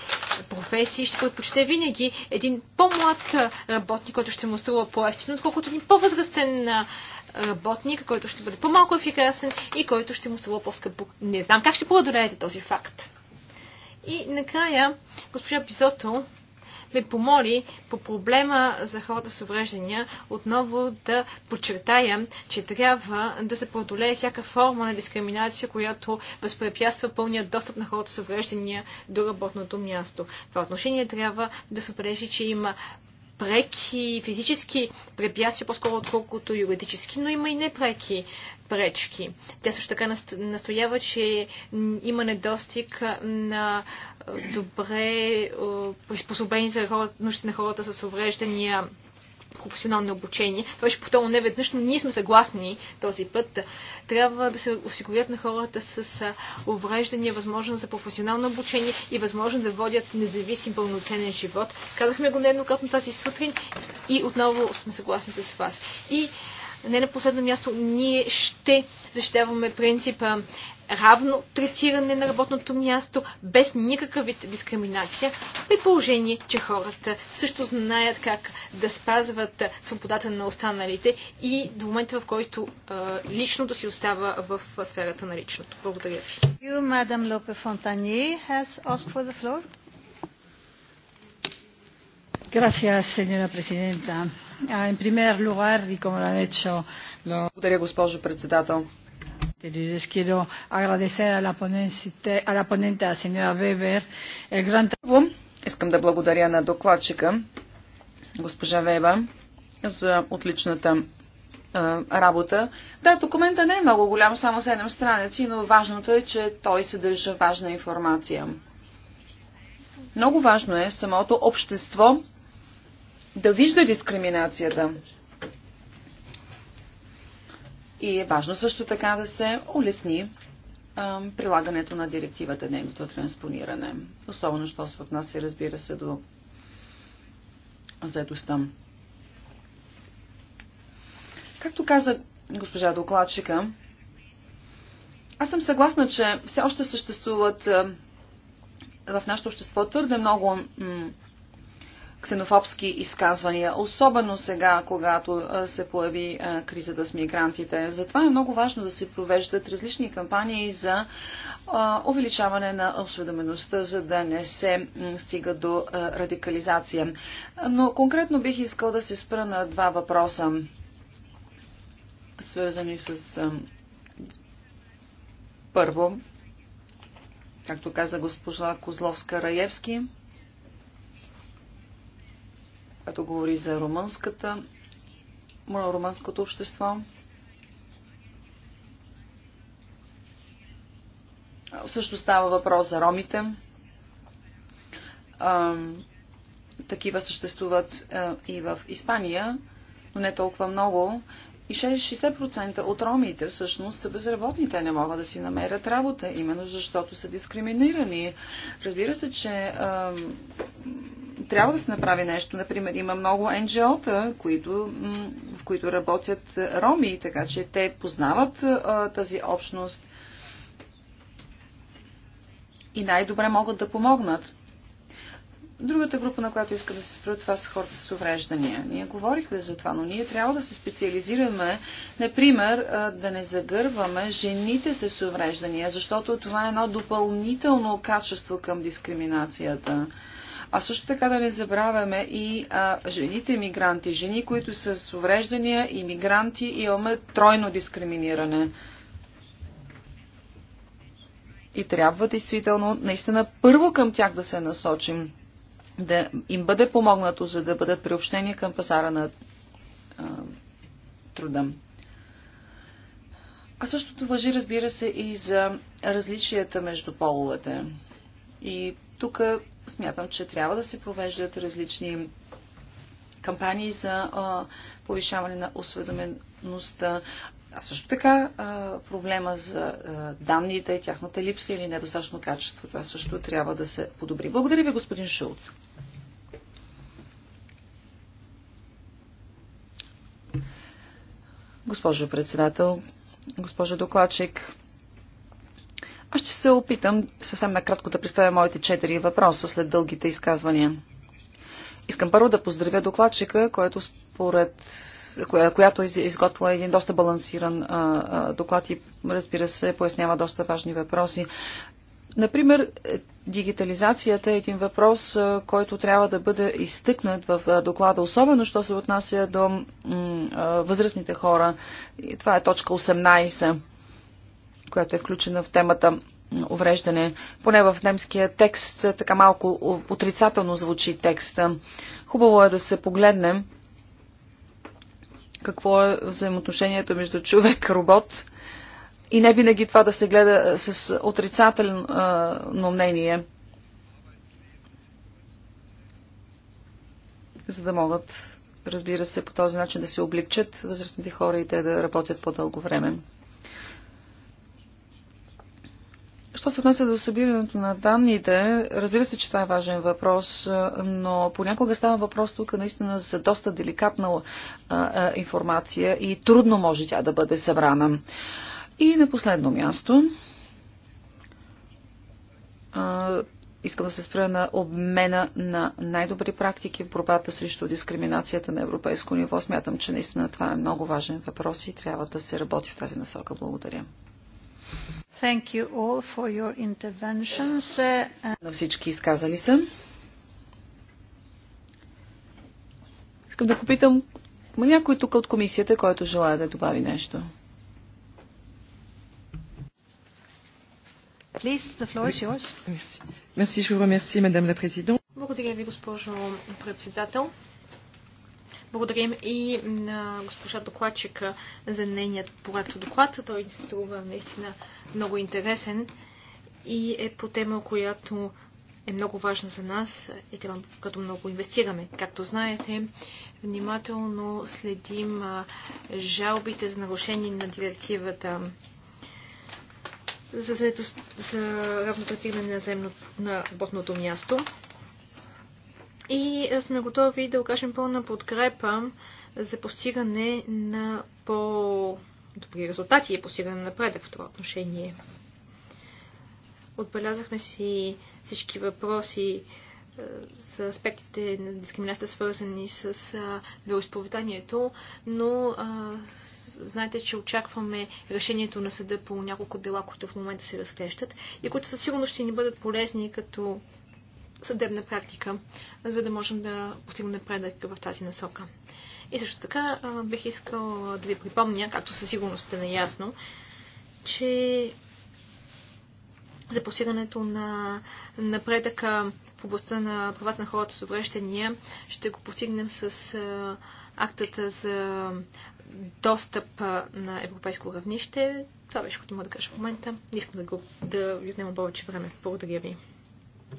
професии, ще предпочете винаги един по-млад работник, който ще му струва по-ефтино, отколкото един по-възрастен работник, който ще бъде по-малко ефикасен и който ще му струва по-скъпо. Не знам как ще преодолеете този факт. И накрая, госпожа Пизото ме помоли по проблема за хората с увреждания отново да подчертая, че трябва да се преодолее всяка форма на дискриминация, която възпрепятства пълния достъп на хората с увреждания до работното място. В това отношение трябва да се отбележи, че има преки физически препятствия, по-скоро отколкото юридически, но има и непреки пречки. Тя също така настоява, че има недостиг на добре приспособени за нуждите на хората с увреждания професионално обучение. Това беше повторно не веднъж, но ние сме съгласни този път. Трябва да се осигурят на хората с увреждания възможност за професионално обучение и възможност да водят независим пълноценен живот. Казахме го нееднократно тази сутрин и отново сме съгласни с вас. И не на последно място, ние ще защитаваме принципа равно третиране на работното място, без никакъв вид дискриминация, при положение, че хората също знаят как да спазват свободата на останалите и до момента, в който е, личното си остава в сферата на личното. Благодаря ви. Gracias, señora presidenta. Ah, en primer lugar, y como lo han hecho... Благодаря, госпожо председател. Les Quiero agradecer a la ponente, a la, ponente, a la señora Weber, el gran trabajo. Искам да благодаря на докладчика, госпожа Веба, за отличната работа. Да, документа не е много голям, само 7 страници, но важното е, че той съдържа важна информация. Много важно е самото общество да вижда дискриминацията. И е важно също така да се улесни а, прилагането на директивата, нейното транспониране. Особено, що се отнася, разбира се, до заедостта. Както каза госпожа докладчика, аз съм съгласна, че все още съществуват в нашето общество твърде много ксенофобски изказвания, особено сега, когато се появи кризата с мигрантите. Затова е много важно да се провеждат различни кампании за увеличаване на осведомеността, за да не се стига до радикализация. Но конкретно бих искал да се спра на два въпроса, свързани с първо, както каза госпожа Козловска-Раевски, като говори за румънската, румънското общество. Също става въпрос за ромите. А, такива съществуват а, и в Испания, но не толкова много. И 60% от ромите всъщност са безработни. Те не могат да си намерят работа, именно защото са дискриминирани. Разбира се, че а, трябва да се направи нещо. Например, има много НГО-та, които, в които работят роми, така че те познават тази общност и най-добре могат да помогнат. Другата група, на която иска да се спра, това са хората с увреждания. Ние говорихме за това, но ние трябва да се специализираме, например, да не загърваме жените с увреждания, защото това е едно допълнително качество към дискриминацията. А също така да не забравяме и а, жените мигранти, жени, които са с увреждания и мигранти, имаме тройно дискриминиране. И трябва действително, наистина, първо към тях да се насочим, да им бъде помогнато, за да бъдат приобщени към пазара на а, труда. А същото въжи, разбира се, и за различията между половете. И тук смятам, че трябва да се провеждат различни кампании за а, повишаване на осведомеността. А също така а, проблема за а, данните и тяхната липса или недостатъчно качество. Това също трябва да се подобри. Благодаря ви, господин Шулц. Госпожо председател, госпожо докладчик, аз ще се опитам съвсем накратко да представя моите четири въпроса след дългите изказвания. Искам първо да поздравя докладчика, която според която е изготвила един доста балансиран доклад и разбира се пояснява доста важни въпроси. Например, дигитализацията е един въпрос, който трябва да бъде изтъкнат в доклада, особено що се отнася до възрастните хора. И това е точка 18 която е включена в темата увреждане. Поне в немския текст така малко отрицателно звучи текста. Хубаво е да се погледнем какво е взаимоотношението между човек-робот и не винаги това да се гледа с отрицателно мнение, за да могат, разбира се, по този начин да се облегчат възрастните хора и те да работят по-дълго време. Що се отнася до събирането на данните, разбира се, че това е важен въпрос, но понякога става въпрос тук наистина за доста деликатна а, информация и трудно може тя да бъде събрана. И на последно място, а, искам да се спра на обмена на най-добри практики в борбата срещу дискриминацията на европейско ниво. Смятам, че наистина това е много важен въпрос и трябва да се работи в тази насока. Благодаря. Thank you all for your interventions. Uh, На всички изказали са. Искам да попитам, има някой тук от комисията, който желая да добави нещо? Please, the floor is yours. Merci. Merci, je vous remercie, Madame la Présidente. Благодаря ви, госпожо председател. Благодарим и на госпожа докладчика за нейният проект доклад. Той ни се струва наистина много интересен и е по тема, която е много важна за нас и трябва като много инвестираме. Както знаете, внимателно следим жалбите за нарушение на директивата за, заедост, за равно на, земно, на работното място и е, сме готови да окажем пълна подкрепа за постигане на по-добри резултати и постигане на напредък в това отношение. Отбелязахме си всички въпроси е, за аспектите на дискриминацията, свързани с е, вероисповеданието, но а, знаете, че очакваме решението на съда по няколко дела, които в момента се разглеждат и които със сигурност ще ни бъдат полезни като съдебна практика, за да можем да постигнем напредък в тази насока. И също така бих искал да ви припомня, както със сигурност е наясно, че за постигането на напредъка в областта на правата на хората с увреждания ще го постигнем с актата за достъп на европейско равнище. Това беше, което мога да кажа в момента. Не искам да, го, да ви отнема повече време. Благодаря ви.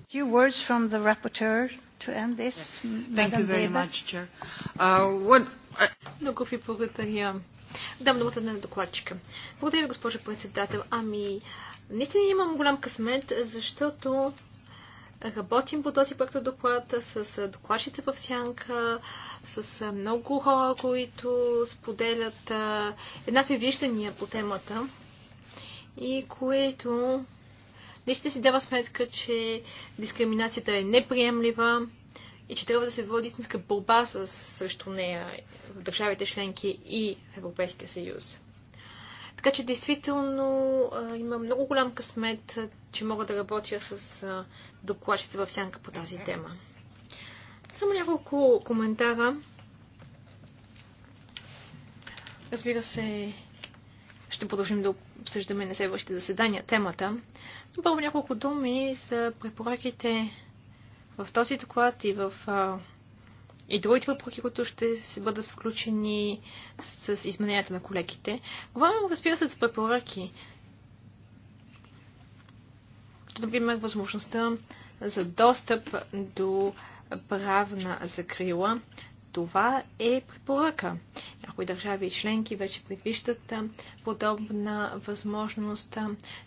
Few words from the rapporteur to end this. Yes. Thank Madam you very much, Chair. Uh, what... Uh, много ви благодаря. Дам думата на докладчика. Благодаря ви, госпожо председател. Ами, наистина имам голям късмет, защото работим по този проект доклад с докладчите в сянка, с много хора, които споделят еднакви виждания по темата и които наистина си дава сметка, че дискриминацията е неприемлива и че трябва да се води истинска борба с, срещу нея в държавите членки и Европейския съюз. Така че действително има много голям късмет, че мога да работя с докладчите в сянка по тази тема. Само няколко коментара. Разбира се, ще продължим да обсъждаме на следващите заседания темата. Първо няколко думи за препоръките в този доклад и в а, и другите въпроси, които ще се бъдат включени с, с измененията на колегите. Говорим, разбира се, за препоръки. Като, например, възможността за достъп до правна закрила. Това е препоръка. Някои държави и членки вече предвиждат подобна възможност.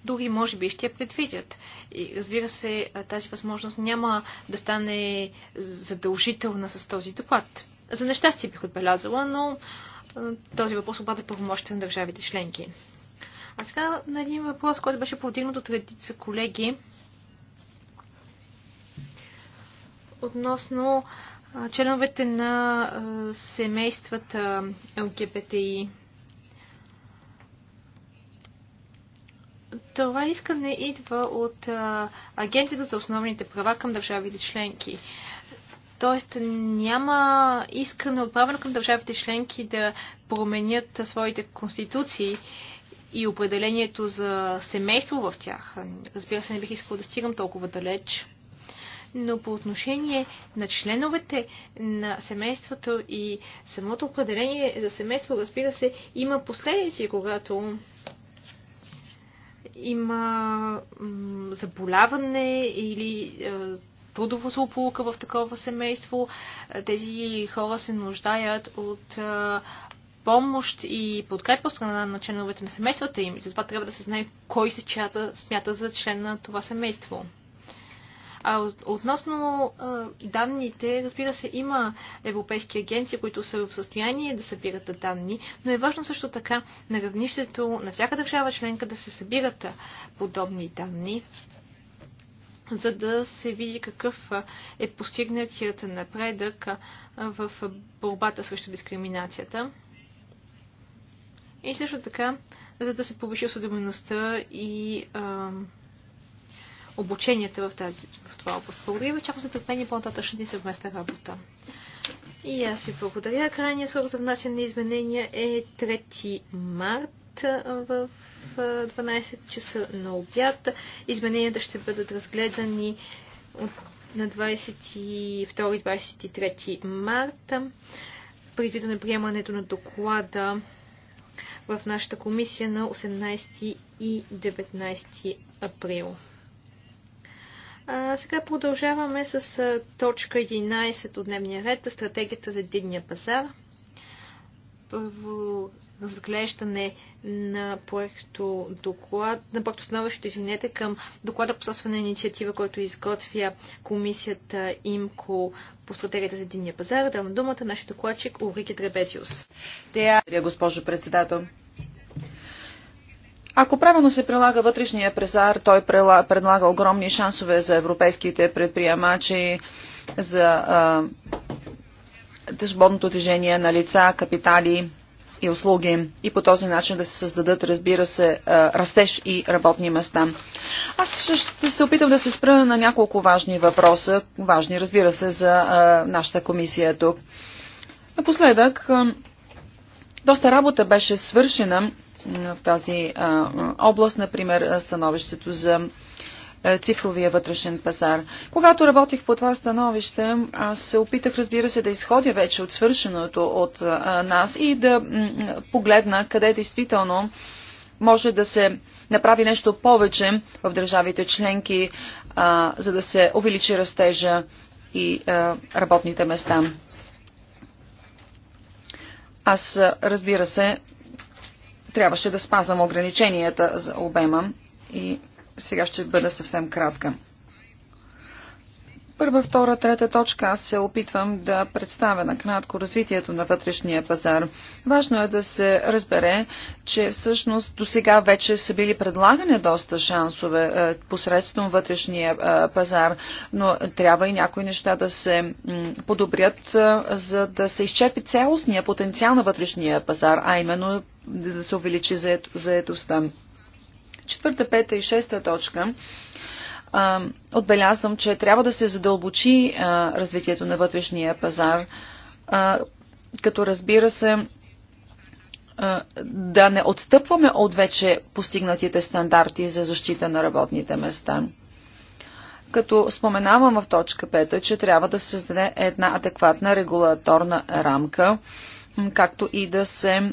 Други може би ще я предвидят. И разбира се, тази възможност няма да стане задължителна с този доклад. За нещастие бих отбелязала, но този въпрос обада правомощите на държавите членки. А сега на един въпрос, който беше повдигнат от редица колеги относно членовете на семействата ЛГБТИ. Това искане идва от Агенцията за основните права към държавите членки. Тоест няма искане отправено към държавите членки да променят своите конституции и определението за семейство в тях. Разбира се, не бих искал да стигам толкова далеч но по отношение на членовете на семейството и самото определение за семейство, разбира се, има последици, когато има заболяване или трудова злополука в такова семейство. Тези хора се нуждаят от помощ и подкрепа от страна на членовете на семействата им. И затова трябва да се знае кой се чата, смята за член на това семейство. А относно а, данните, разбира се, има европейски агенции, които са в състояние да събират данни, но е важно също така на равнището на всяка държава членка да се събират подобни данни за да се види какъв е постигнатият напредък в борбата срещу дискриминацията. И също така, за да се повиши осведомеността и а, обученията в, тази, в това област. Благодаря ви, очаквам за търпение по-нататъчна ни съвместна работа. И аз ви благодаря. Крайният срок за внасяне на изменения е 3 март в 12 часа на обяд. Измененията ще бъдат разгледани на 22-23 марта. Предвид на приемането на доклада в нашата комисия на 18 и 19 април. А, сега продължаваме с а, точка 11 от дневния ред, стратегията за единния пазар. Първо разглеждане на проекто доклад, на проекто становище, извинете, към доклада по собствена инициатива, който изготвя комисията ИМКО по стратегията за единния пазар. Давам думата нашия докладчик Урике Требезиус. Благодаря, госпожо председател. Ако правилно се прилага вътрешния пазар, той предлага огромни шансове за европейските предприемачи, за свободното движение на лица, капитали и услуги и по този начин да се създадат, разбира се, растеж и работни места. Аз ще се опитам да се спра на няколко важни въпроса, важни, разбира се, за нашата комисия тук. Напоследък, доста работа беше свършена в тази област, например становището за цифровия вътрешен пазар. Когато работих по това становище, аз се опитах, разбира се, да изходя вече от свършеното от нас и да погледна къде действително може да се направи нещо повече в държавите членки, за да се увеличи растежа и работните места. Аз, разбира се, трябваше да спазвам ограниченията за обема и сега ще бъда съвсем кратка първа, втора, трета точка аз се опитвам да представя накратко развитието на вътрешния пазар. Важно е да се разбере, че всъщност до сега вече са били предлагани доста шансове е, посредством вътрешния е, пазар, но трябва и някои неща да се подобрят, е, за да се изчерпи цялостния потенциал на вътрешния пазар, а именно да се увеличи заед, заедостта. Четвърта, пета и шеста точка – отбелязвам, че трябва да се задълбочи развитието на вътрешния пазар, като разбира се да не отстъпваме от вече постигнатите стандарти за защита на работните места. Като споменавам в точка 5, че трябва да се създаде една адекватна регулаторна рамка, както и да се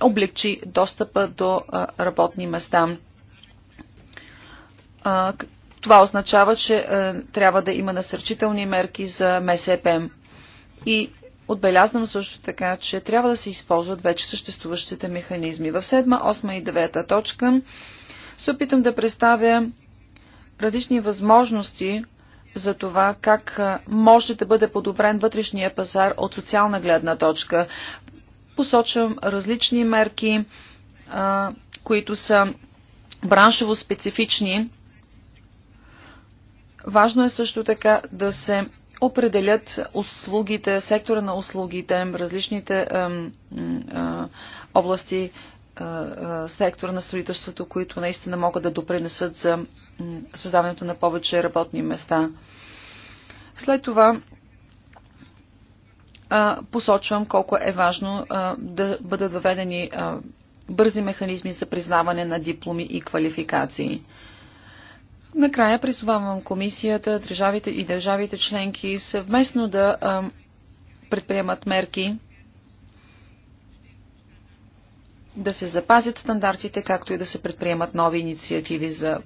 облегчи достъпа до работни места това означава, че е, трябва да има насърчителни мерки за МСПМ. И отбелязвам също така, че трябва да се използват вече съществуващите механизми. В 7, 8 и 9 точка се опитам да представя различни възможности за това как е, може да бъде подобрен вътрешния пазар от социална гледна точка. Посочвам различни мерки, които са браншово специфични Важно е също така да се определят услугите, сектора на услугите, различните области, сектора на строителството, които наистина могат да допринесат за създаването на повече работни места. След това посочвам колко е важно да бъдат въведени бързи механизми за признаване на дипломи и квалификации. Накрая призовавам комисията държавите и държавите членки съвместно да предприемат мерки да се запазят стандартите, както и да се предприемат нови инициативи за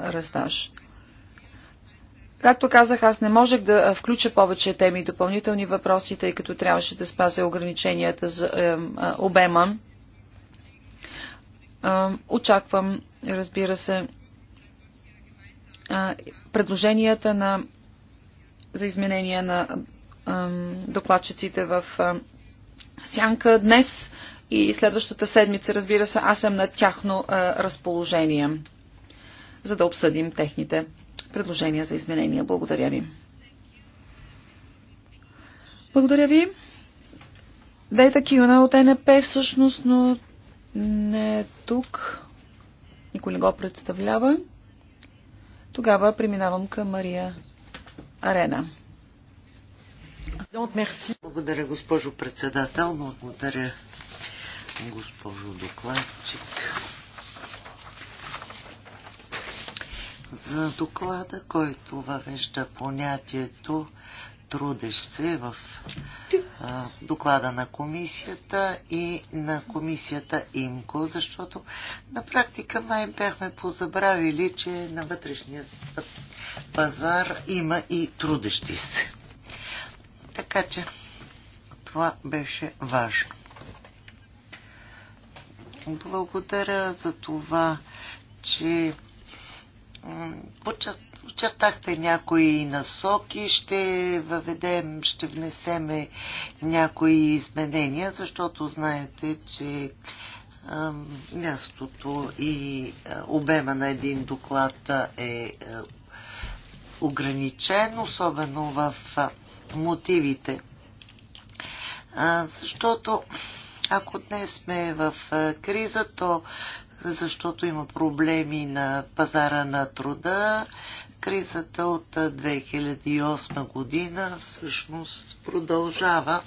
растаж. Както казах, аз не можех да включа повече теми и допълнителни въпроси, тъй като трябваше да спазя ограниченията за е, е, обема. Е, очаквам, разбира се, предложенията на, за изменения на докладчиците в Сянка днес и следващата седмица, разбира се, аз съм на тяхно разположение, за да обсъдим техните предложения за изменения. Благодаря ви. Благодаря ви. Дейта Киона от НП всъщност, но не е тук. Никой не го представлява. Тогава преминавам към Мария Арена. Благодаря, госпожо председател. Благодаря, госпожо докладчик. За доклада, който въвежда понятието трудещ се в доклада на комисията и на комисията ИМКО, защото на практика май бяхме позабравили, че на вътрешния пазар има и трудещи се. Така че това беше важно. Благодаря за това, че Подчертахте някои насоки, ще въведем, ще внесеме някои изменения, защото знаете, че мястото и обема на един доклад е, е ограничен, особено в мотивите. Защото ако днес сме в криза, то защото има проблеми на пазара на труда. Кризата от 2008 година всъщност продължава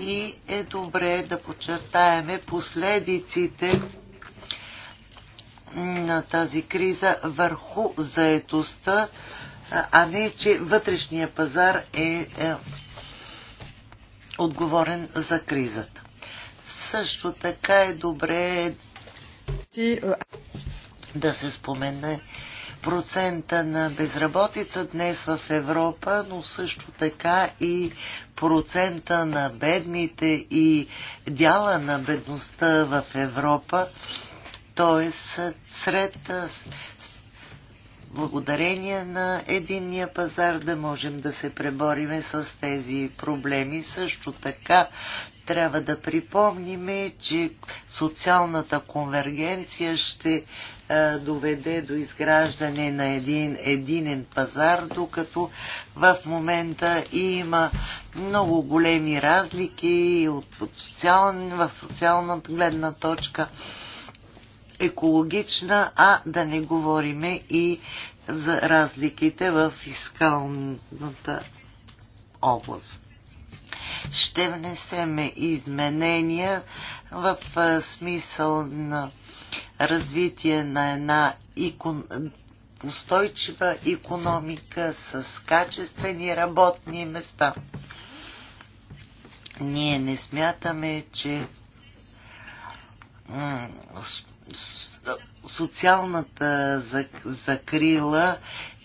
и е добре да подчертаеме последиците на тази криза върху заетостта, а не че вътрешния пазар е, е отговорен за кризата. Също така е добре е, да се спомене процента на безработица днес в Европа, но също така и процента на бедните и дяла на бедността в Европа. т.е. сред е, благодарение на единния пазар да можем да се пребориме с тези проблеми. Също така трябва да припомниме, че социалната конвергенция ще е, доведе до изграждане на един единен пазар, докато в момента има много големи разлики от, от социален, в социалната гледна точка, екологична, а да не говориме и за разликите в фискалната област ще внесеме изменения в смисъл на развитие на една икон... устойчива економика с качествени работни места. Ние не смятаме, че социалната закрила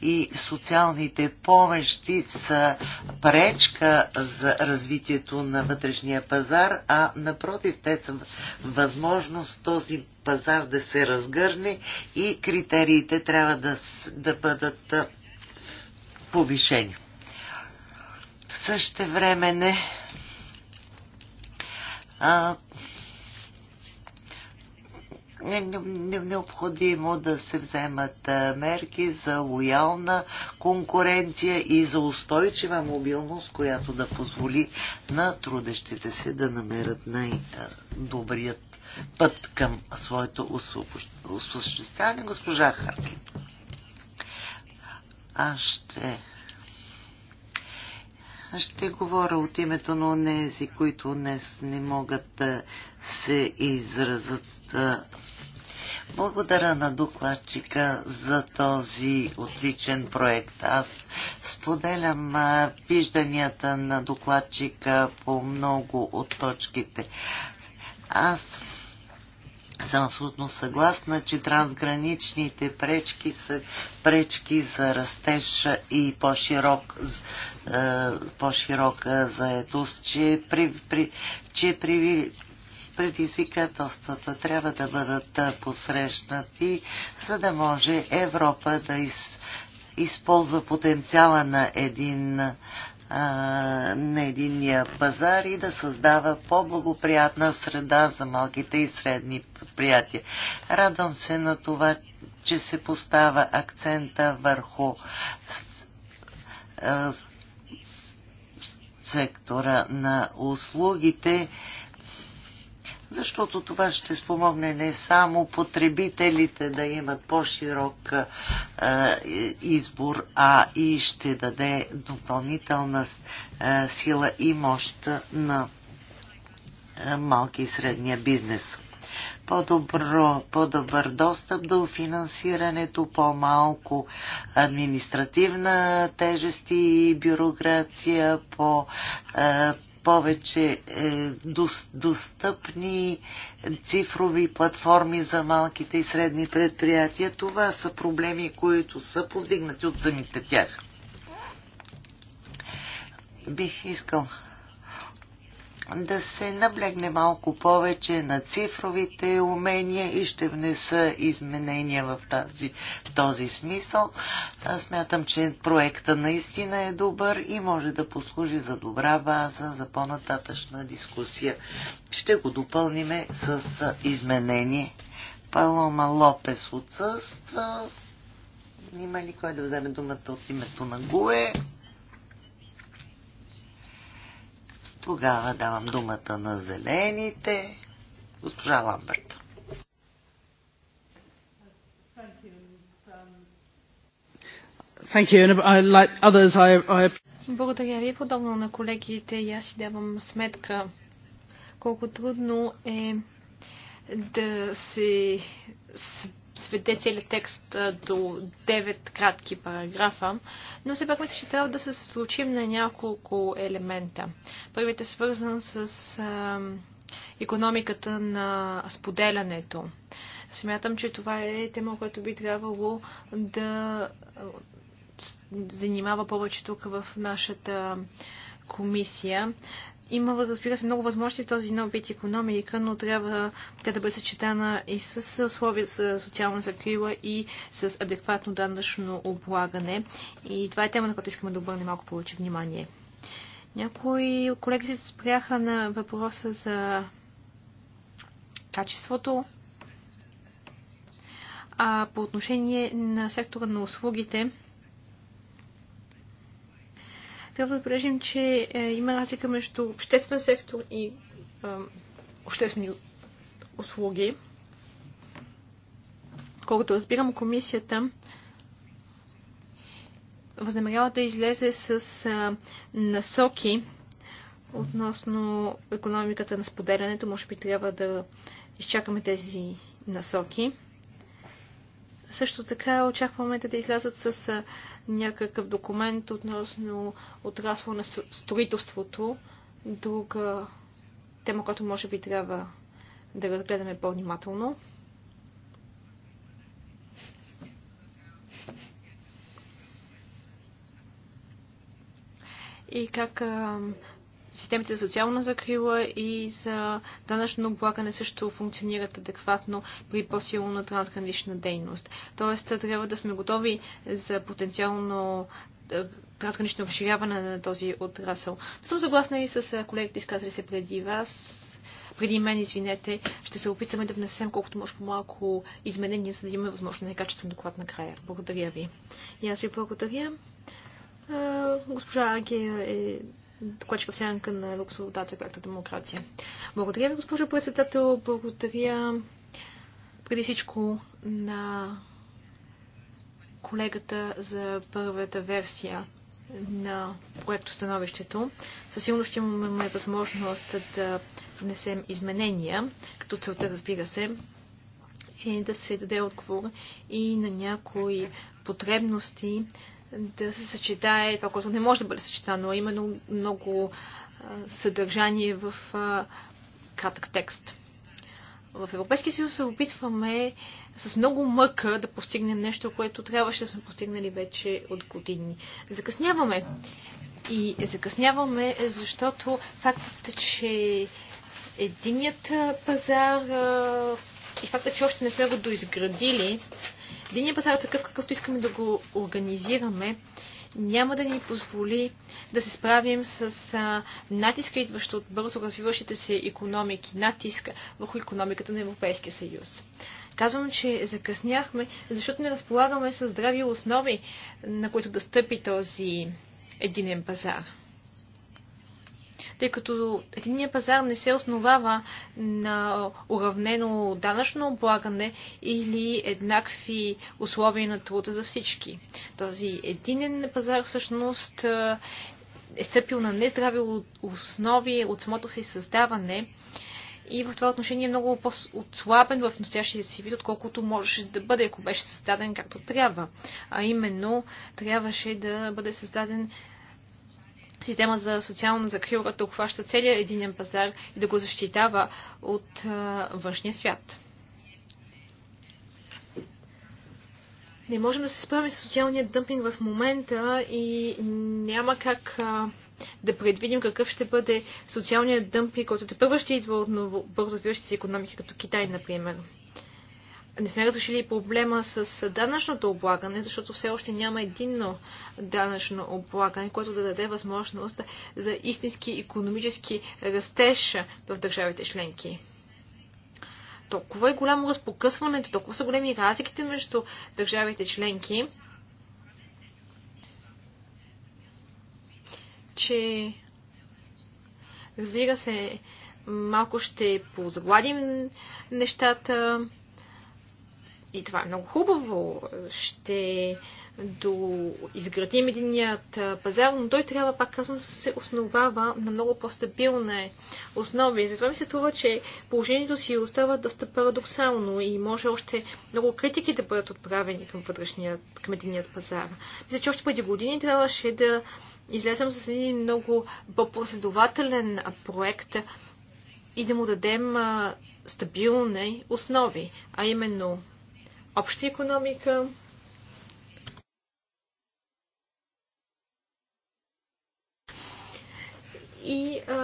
и социалните помощи са пречка за развитието на вътрешния пазар, а напротив, те са възможност този пазар да се разгърне и критериите трябва да, да бъдат повишени. В Същевремене а, е не, необходимо да се вземат мерки за лоялна конкуренция и за устойчива мобилност, която да позволи на трудещите се да намерят най-добрият път към своето осъществяване. Госпожа Харкин. Аз ще... ще говоря от името на тези, които днес не могат да се изразат благодаря на докладчика за този отличен проект. Аз споделям вижданията на докладчика по много от точките. Аз съм абсолютно съгласна, че трансграничните пречки са пречки за растеж и по-широк, по-широка заетост, че, при, при, че при, предизвикателствата трябва да бъдат посрещнати, за да може Европа да из, използва потенциала на един на единния пазар и да създава по-благоприятна среда за малките и средни предприятия. Радвам се на това, че се поставя акцента върху сектора на услугите защото това ще спомогне не само потребителите да имат по-широк избор, а и ще даде допълнителна а, сила и мощ на малки и средния бизнес. По-добро, по-добър достъп до финансирането, по-малко административна тежест и бюрокрация, по а, повече е, достъпни цифрови платформи за малките и средни предприятия. Това са проблеми, които са повдигнати от самите тях. Бих искал да се наблегне малко повече на цифровите умения и ще внеса изменения в тази, в този смисъл. Аз смятам, че проекта наистина е добър и може да послужи за добра база за по-нататъчна дискусия. Ще го допълниме с изменение. Палома Лопес отсъства. Има ли кой да вземе думата от името на Гуе? Тогава давам думата на зелените. Госпожа Ламберт. Благодаря ви. Подобно на колегите, и аз си давам сметка колко трудно е да се сведе целият текст до 9 кратки параграфа, но все пак мисля, че трябва да се случим на няколко елемента. Първият е свързан с а, економиката на споделянето. Смятам, че това е тема, която би трябвало да занимава повече тук в нашата комисия има, разбира се, много възможности в този нов вид економика, но трябва тя да бъде съчетана и с условия за социална закрила и с адекватно данъчно облагане. И това е тема, на която искаме да обърнем малко повече внимание. Някои колеги се спряха на въпроса за качеството. А по отношение на сектора на услугите, трябва да отбележим, че е, има разлика между обществен сектор и е, обществени услуги. Колкото разбирам, комисията възнамерява да излезе с е, насоки относно економиката на споделянето. Може би трябва да изчакаме тези насоки. Също така очакваме да излязат с е, някакъв документ относно отрасло на строителството, друга тема, която може би трябва да разгледаме по-внимателно. И как системите за социална закрила и за данъчно облагане също функционират адекватно при по-силна трансгранична дейност. Тоест, трябва да сме готови за потенциално е, трансгранично разширяване на този отрасъл. Но съм съгласна и с е, колегите, изказали се преди вас. Преди мен, извинете, ще се опитаме да внесем колкото може по-малко изменения, за да имаме възможно най-качествен доклад накрая. Благодаря ви. И аз ви благодаря. Е, госпожа Агия е докладчик в сянка на Европсвободата и проекта демокрация. Благодаря ви, госпожо председател. Благодаря преди всичко на колегата за първата версия на становището. Със сигурност ще имаме възможност да внесем изменения, като целта, разбира се, е да се даде отговор и на някои потребности, да се съчетае това, което не може да бъде съчетано, а именно много съдържание в кратък текст. В Европейския съюз се опитваме с много мъка да постигнем нещо, което трябваше да сме постигнали вече от години. Закъсняваме. И закъсняваме, защото фактът, че единият пазар и факта, че още не сме го доизградили, единия пазар е такъв, какъвто искаме да го организираме, няма да ни позволи да се справим с а, натиска, идващо от бързо развиващите се економики, натиска върху економиката на Европейския съюз. Казвам, че закъсняхме, защото не разполагаме с здрави основи, на които да стъпи този единен пазар тъй като единия пазар не се основава на уравнено данъчно облагане или еднакви условия на труда за всички. Този единен пазар всъщност е, е стъпил на нездрави основи от самото си създаване и в това отношение е много по-отслабен в настоящия си вид, отколкото можеше да бъде, ако беше създаден както трябва. А именно, трябваше да бъде създаден система за социална закрила да обхваща целия единен пазар и да го защитава от външния свят. Не можем да се справим с социалния дъмпинг в момента и няма как а, да предвидим какъв ще бъде социалният дъмпинг, който те първо ще идва от ново бързо се економики, като Китай, например не сме разрешили проблема с данъчното облагане, защото все още няма единно данъчно облагане, което да даде възможност за истински економически растеж в държавите членки. Толкова е голямо разпокъсването, толкова са големи разликите между държавите членки, че разбира се, малко ще позагладим нещата, и това е много хубаво, ще до изградим единият пазар, но той трябва, пак казвам, се основава на много по-стабилни основи. Затова ми се струва, че положението си остава доста парадоксално и може още много критики да бъдат отправени към вътрешният, към единият пазар. Мисля, че още преди години трябваше да излезем с един много по-последователен проект и да му дадем стабилни основи, а именно обща економика, и а,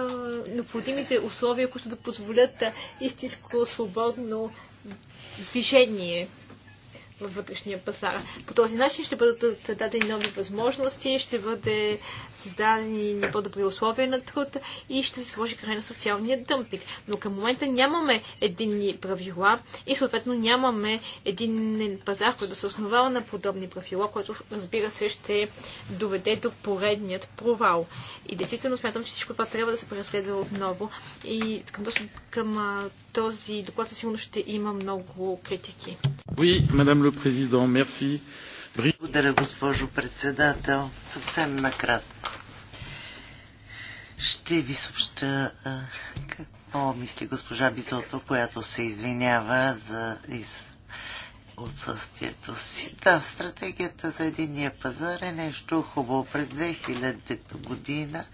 необходимите условия, които да позволят истинско свободно движение във вътрешния пазар. По този начин ще бъдат дадени нови възможности, ще бъде създадени по-добри условия на труд и ще се сложи край на социалния дъмпинг. Но към момента нямаме единни правила и съответно нямаме един пазар, който да се основава на подобни правила, което разбира се ще доведе до поредният провал. И действително смятам, че всичко това трябва да се преразследва отново и към, към този доклад със сигурност ще има много критики. Oui, madame le Président, merci. Благодаря, госпожо председател. Съвсем накратко. Ще ви съобща какво мисли госпожа Бизото, която се извинява за из... отсъствието си. Да, стратегията за единния пазар е нещо хубаво. През 2000 година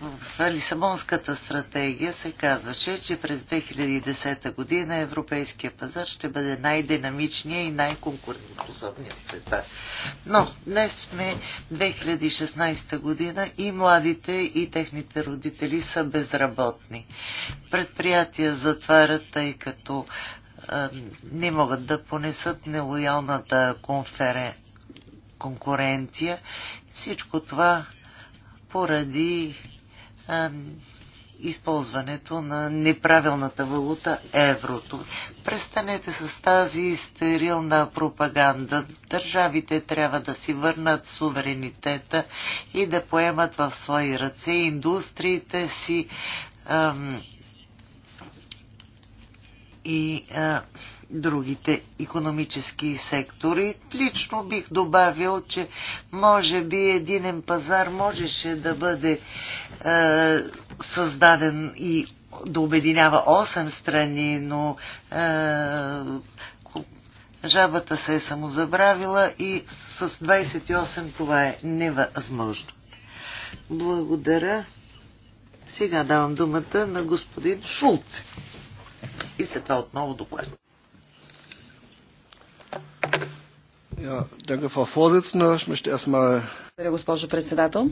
в Лисабонската стратегия се казваше, че през 2010 година европейския пазар ще бъде най-динамичния и най-конкурентоспособния в света. Но днес сме 2016 година и младите и техните родители са безработни. Предприятия затварят, тъй като а, не могат да понесат нелоялната конферен... конкуренция. Всичко това поради а, използването на неправилната валута еврото. Престанете с тази стерилна пропаганда. Държавите трябва да си върнат суверенитета и да поемат в свои ръце индустриите си ам, и а, другите економически сектори. Лично бих добавил, че може би единен пазар можеше да бъде е, създаден и да обединява 8 страни, но е, жабата се е самозабравила и с 28 това е невъзможно. Благодаря. Сега давам думата на господин Шулц. И след това отново доклад. Благодаря, госпожо председател.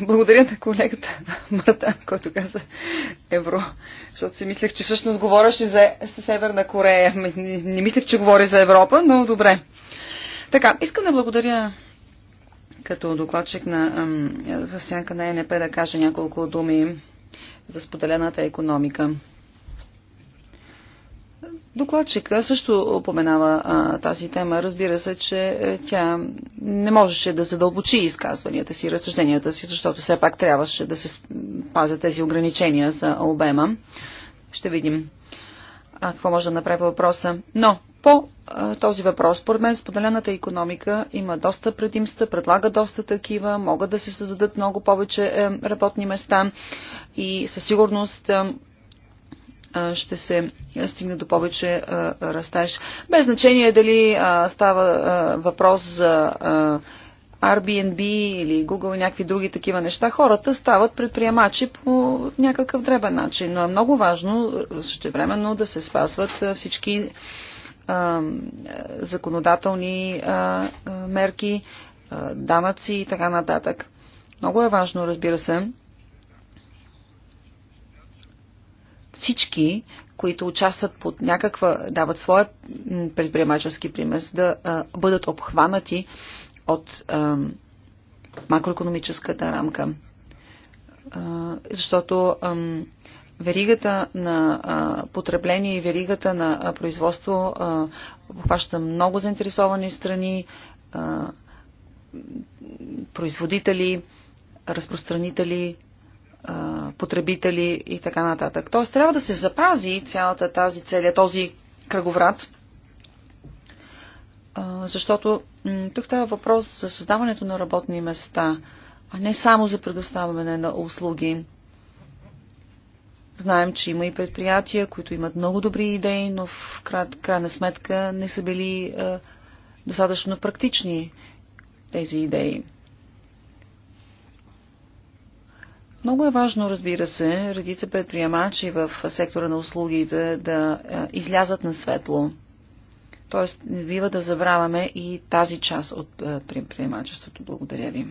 Благодаря на колегата Марта, който каза евро, защото си мислех, че всъщност говореше за Северна Корея. Ами, не, не мислех, че говори за Европа, но добре. Така, искам да благодаря като докладчик на, в сянка на ЕНП да кажа няколко думи за споделената економика. Докладчика също упоменава а, тази тема. Разбира се, че е, тя не можеше да задълбочи изказванията си, разсъжденията си, защото все пак трябваше да се пазят тези ограничения за обема. Ще видим а, какво може да направи въпроса. Но по а, този въпрос, според мен, споделената економика има доста предимства, предлага доста такива, могат да се създадат много повече е, работни места и със сигурност. Е, ще се стигне до повече растеж. Без значение дали става въпрос за Airbnb или Google и някакви други такива неща, хората стават предприемачи по някакъв дребен начин. Но е много важно същевременно да се спазват всички законодателни мерки, данъци и така нататък. Много е важно, разбира се, всички, които участват под някаква, дават своя предприемачески примес, да а, бъдат обхванати от а, макроекономическата рамка. А, защото а, веригата на а, потребление и веригата на а, производство обхваща много заинтересовани страни, а, производители, разпространители, потребители и така нататък. Тоест трябва да се запази цялата тази целия този кръговрат, защото тук става въпрос за създаването на работни места, а не само за предоставяне на услуги. Знаем, че има и предприятия, които имат много добри идеи, но в крайна сметка не са били достатъчно практични тези идеи. Много е важно, разбира се, редица предприемачи в сектора на услугите да е, излязат на светло. Тоест, не бива да забравяме и тази част от е, предприемачеството. Благодаря ви.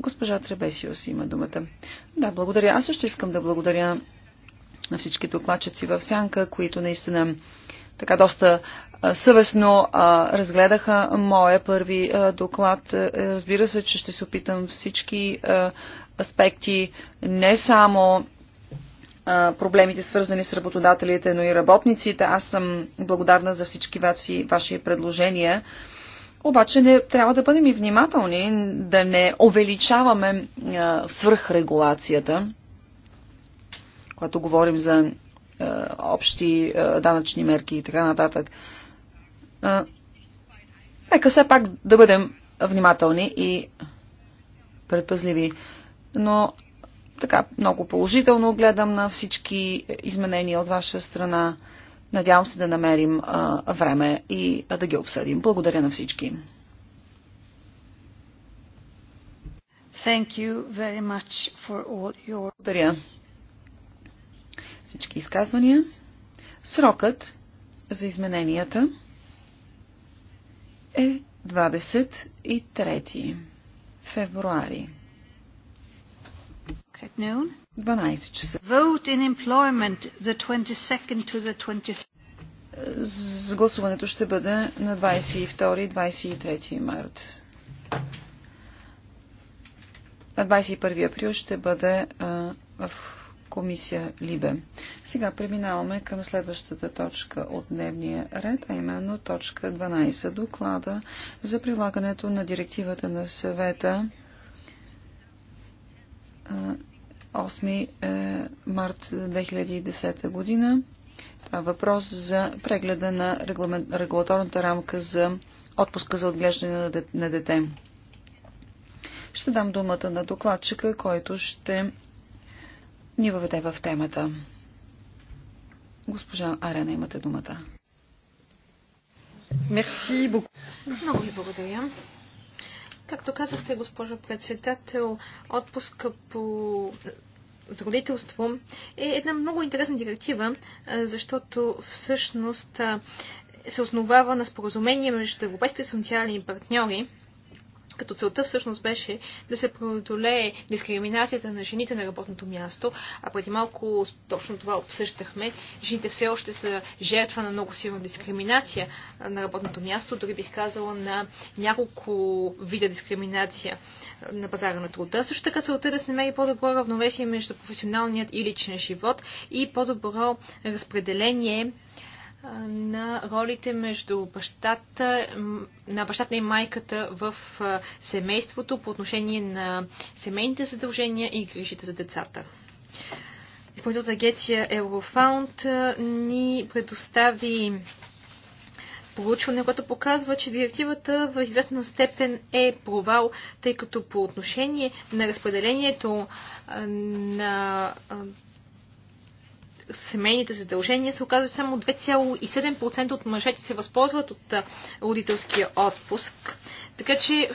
Госпожа Требесиос има думата. Да, благодаря. Аз също искам да благодаря на всички докладчици в Сянка, които наистина така доста съвестно а, разгледаха моя първи а, доклад. Е, разбира се, че ще се опитам всички а, аспекти, не само проблемите свързани с работодателите, но и работниците. Аз съм благодарна за всички ваши, ваши предложения. Обаче не, трябва да бъдем и внимателни, да не увеличаваме а, свръхрегулацията, когато говорим за а, общи а, данъчни мерки и така нататък. А, а, нека все пак да бъдем внимателни и предпазливи. Но така много положително гледам на всички изменения от ваша страна. Надявам се да намерим а, време и а, да ги обсъдим. Благодаря на всички. Thank you very much for all your... Благодаря. Всички изказвания. Срокът за измененията е 23 февруари. 12 часа. Vote in employment the 22nd to the 23 rd гласуването ще бъде на 22-23 март. На 21 април ще бъде а, в комисия Либе. Сега преминаваме към следващата точка от дневния ред, а именно точка 12 доклада за прилагането на директивата на съвета 8 е, март 2010 година. Това въпрос за прегледа на регулаторната рамка за отпуска за отглеждане на дете. Ще дам думата на докладчика, който ще ни въведе в темата. Госпожа Арена, имате думата. Мерси Много ви благодаря. Както казахте, госпожа председател, отпуска по за родителство е една много интересна директива, защото всъщност се основава на споразумение между европейските социални партньори, като целта всъщност беше да се преодолее дискриминацията на жените на работното място, а преди малко точно това обсъщахме. Жените все още са жертва на много силна дискриминация на работното място, дори бих казала на няколко вида дискриминация на пазара на труда. Също така целта е да се намери по-добро равновесие между професионалният и личен живот и по-добро разпределение на ролите между бащата, на бащата и майката в семейството по отношение на семейните задължения и грижите за децата. Изпълнителната агенция Еврофаунд ни предостави проучване, което показва, че директивата в известна степен е провал, тъй като по отношение на разпределението на семейните задължения, се оказва, че само 2,7% от мъжете се възползват от родителския отпуск. Така че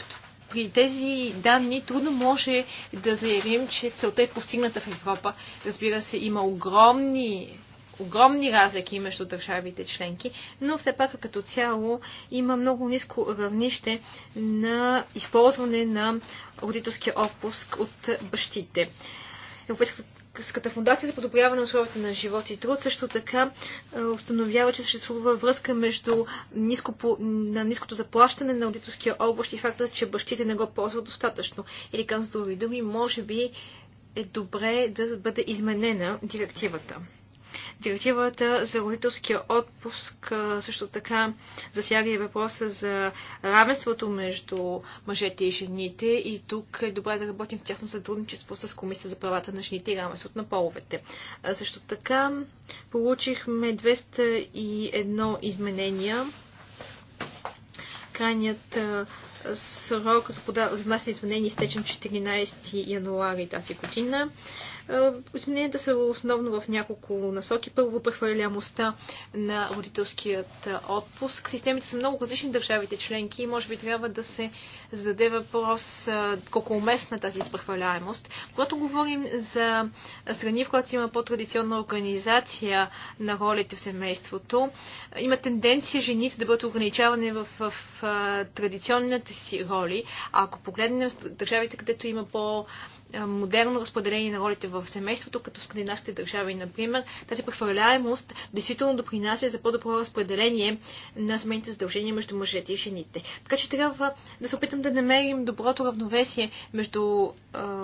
при тези данни трудно може да заявим, че целта е постигната в Европа. Разбира се, има огромни огромни разлики между държавите членки, но все пак като цяло има много ниско равнище на използване на родителския отпуск от бащите. Европейската Българската фундация за подобряване на условията на живот и труд също така е, установява, че съществува връзка между ниско, на ниското заплащане на аудиторския област и факта, че бащите не го ползват достатъчно. Или към с други думи, може би е добре да бъде изменена директивата. Директивата за родителския отпуск също така засяга и въпроса за равенството между мъжете и жените и тук е добре да работим в тясно сътрудничество с Комисията за правата на жените и равенството на половете. Също така получихме 201 изменения. Крайният срок за, внасяне изменения е изтечен 14 януари тази година. Е, измененията са основно в няколко насоки. Първо, прехвърлямостта на родителският е, отпуск. Системите са много различни в държавите членки и може би трябва да се зададе въпрос е, колко уместна тази прехваляемост. Когато говорим за страни, в които има по-традиционна организация на ролите в семейството, има тенденция жените да бъдат ограничавани в, в, в традиционните си роли. А ако погледнем държавите, където има по- е, модерно разпределение на ролите в семейството, като скандинавските държави, например. Тази прехвърляемост действително допринася за по-добро разпределение на семейните задължения между мъжете и жените. Така че трябва да се опитам да намерим доброто равновесие между а, е,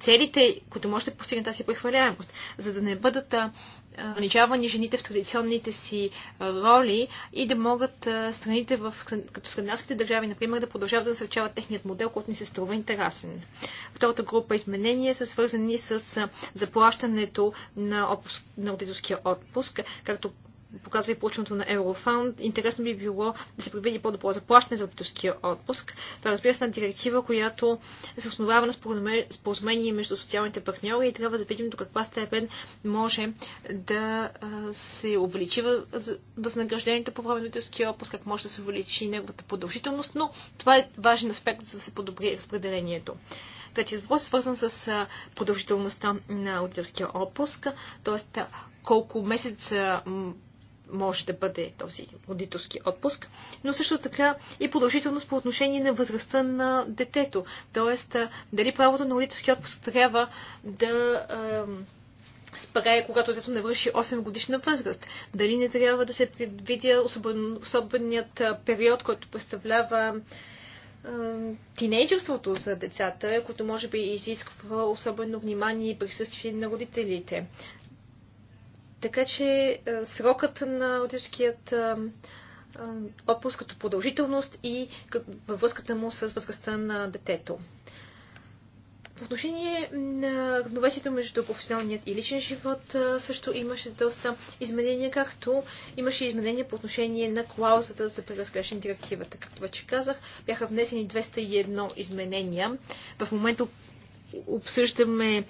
целите, които може да постигне тази прехвърляемост, за да не бъдат а, е, ограничавани жените в традиционните си е, роли и да могат е, страните в, като скандинавските държави, например, да продължават да насърчават техният модел, който ни се струва интересен. Втората група изменения са свързани с е, заплащането на, отпуск, на родителския отпуск. Както показва и полученото на Еврофаунд. Интересно би било да се предвиди по-добро заплащане за родителския отпуск. Това разбира се на е директива, която се основава на споразумение между социалните партньори и трябва да видим до каква степен може да се увеличи възнаграждението по време на родителския отпуск, как може да се увеличи неговата продължителност, но това е важен аспект, за да се подобри разпределението. Третият въпрос е свързан с продължителността на родителския отпуск, т.е. колко месеца може да бъде този родителски отпуск, но също така и продължителност по отношение на възрастта на детето. Тоест, дали правото на родителски отпуск трябва да е, спре, когато детето навърши 8 годишна възраст. Дали не трябва да се предвидя особен, особеният период, който представлява тинейджерството за децата, което може би изисква особено внимание и присъствие на родителите. Така че е, срокът на родителският е, е, отпуск като продължителност и във връзката му с възрастта на детето. По отношение на равновесието между професионалният и личен живот също имаше доста изменения, както имаше изменения по отношение на клаузата за преразглеждане директивата. Както вече казах, бяха внесени 201 изменения. В момента обсъждаме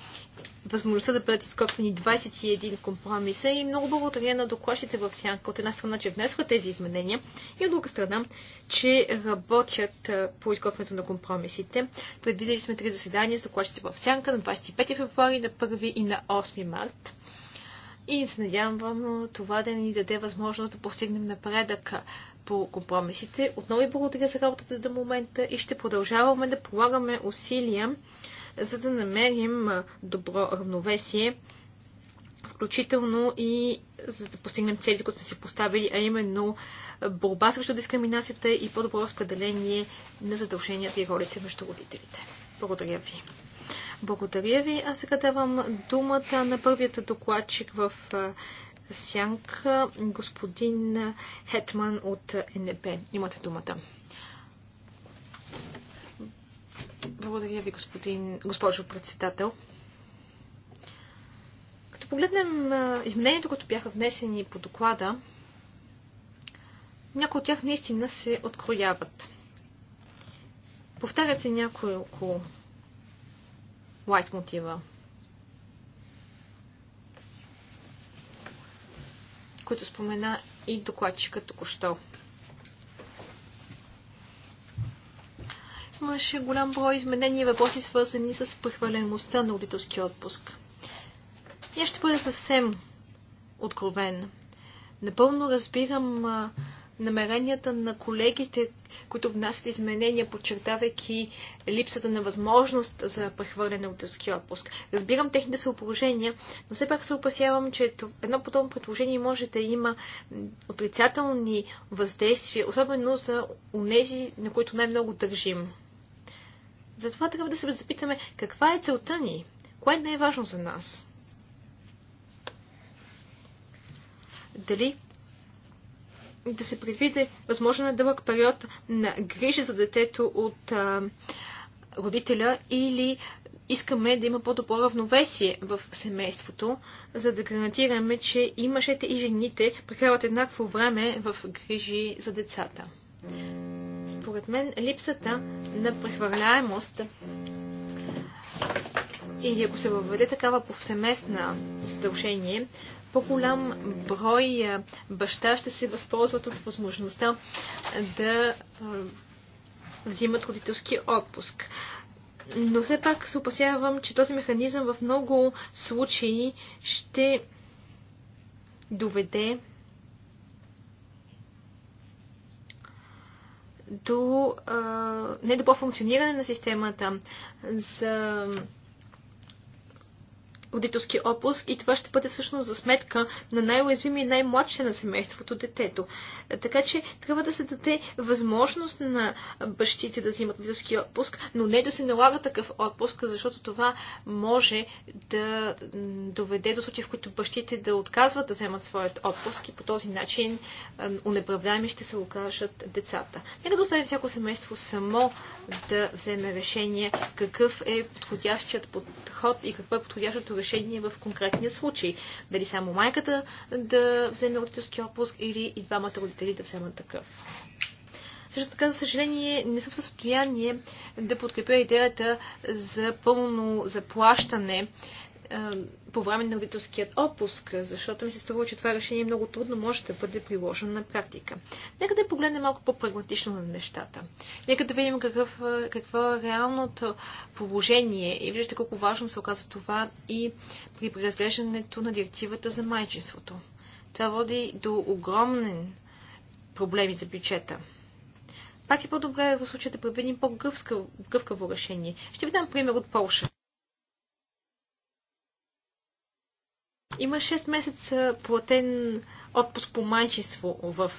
възможността да бъдат изготвени 21 компромиса и много благодаря на докладчите в сянка. От една страна, че внесоха тези изменения и от друга страна, че работят по изготвянето на компромисите. Предвидели сме три заседания с докладчите в сянка на 25 февруари, на 1 и на 8 март. И се надявам това да ни даде възможност да постигнем напредък по компромисите. Отново и благодаря за работата до момента и ще продължаваме да полагаме усилия за да намерим добро равновесие, включително и за да постигнем цели, които сме си поставили, а именно борба срещу дискриминацията и по-добро разпределение на задълженията и ролите между родителите. Благодаря ви. Благодаря ви. А сега давам думата на първият докладчик в сянка, господин Хетман от е НП. Имате думата. Благодаря ви, господин, госпожо председател. Като погледнем изменението, които бяха внесени по доклада, някои от тях наистина се открояват. Повтарят се някои около лайт мотива, които спомена и докладчика току-що. Имаше голям брой изменения и въпроси, свързани с прехвалеността на родителски отпуск. Я ще бъда съвсем откровен. Напълно разбирам а, намеренията на колегите, които внасят изменения, подчертавайки липсата на възможност за прехвърляне от детски отпуск. Разбирам техните съображения, но все пак се опасявам, че едно подобно предложение може да има отрицателни въздействия, особено за унези, на които най-много държим. Затова трябва да се запитаме каква е целта ни, кое не е важно за нас. Дали да се предвиде възможно на дълъг период на грижа за детето от а, родителя или искаме да има по-добро равновесие в семейството, за да гарантираме, че и мъжете и жените прекарват еднакво време в грижи за децата. Според мен липсата на прехвърляемост или ако се въведе такава повсеместна задължение, по-голям брой е, баща ще се възползват от възможността да е, взимат родителски отпуск. Но все пак се опасявам, че този механизъм в много случаи ще доведе до а, не добро функциониране на системата за родителски отпуск и това ще бъде всъщност за сметка на най-уязвимия и най младши на семейството детето. Е, така че трябва да се даде възможност на бащите да взимат родителски отпуск, но не да се налага такъв отпуск, защото това може да доведе до случаи, в които бащите да отказват да вземат своят отпуск и по този начин е, унеправдаеми ще се окажат децата. Нека да оставим всяко семейство само да вземе решение какъв е подходящият подход и какво е подходящото разрешение в конкретния случай. Дали само майката да вземе родителски отпуск или и двамата родители да вземат такъв. Също така, за съжаление, не съм в състояние да подкрепя идеята за пълно заплащане е, по време на родителският отпуск, защото ми се струва, че това решение е много трудно може да бъде приложено на практика. Нека да погледнем малко по-прагматично на нещата. Нека да видим какъв, е, какво е реалното положение и виждате колко важно се оказа това и при преразглеждането на директивата за майчинството. Това води до огромен проблеми за бюджета. Пак е по-добре в случая да предвидим по-гъвкаво решение. Ще ви дам пример от Полша. Има 6 месеца платен отпуск по майчество в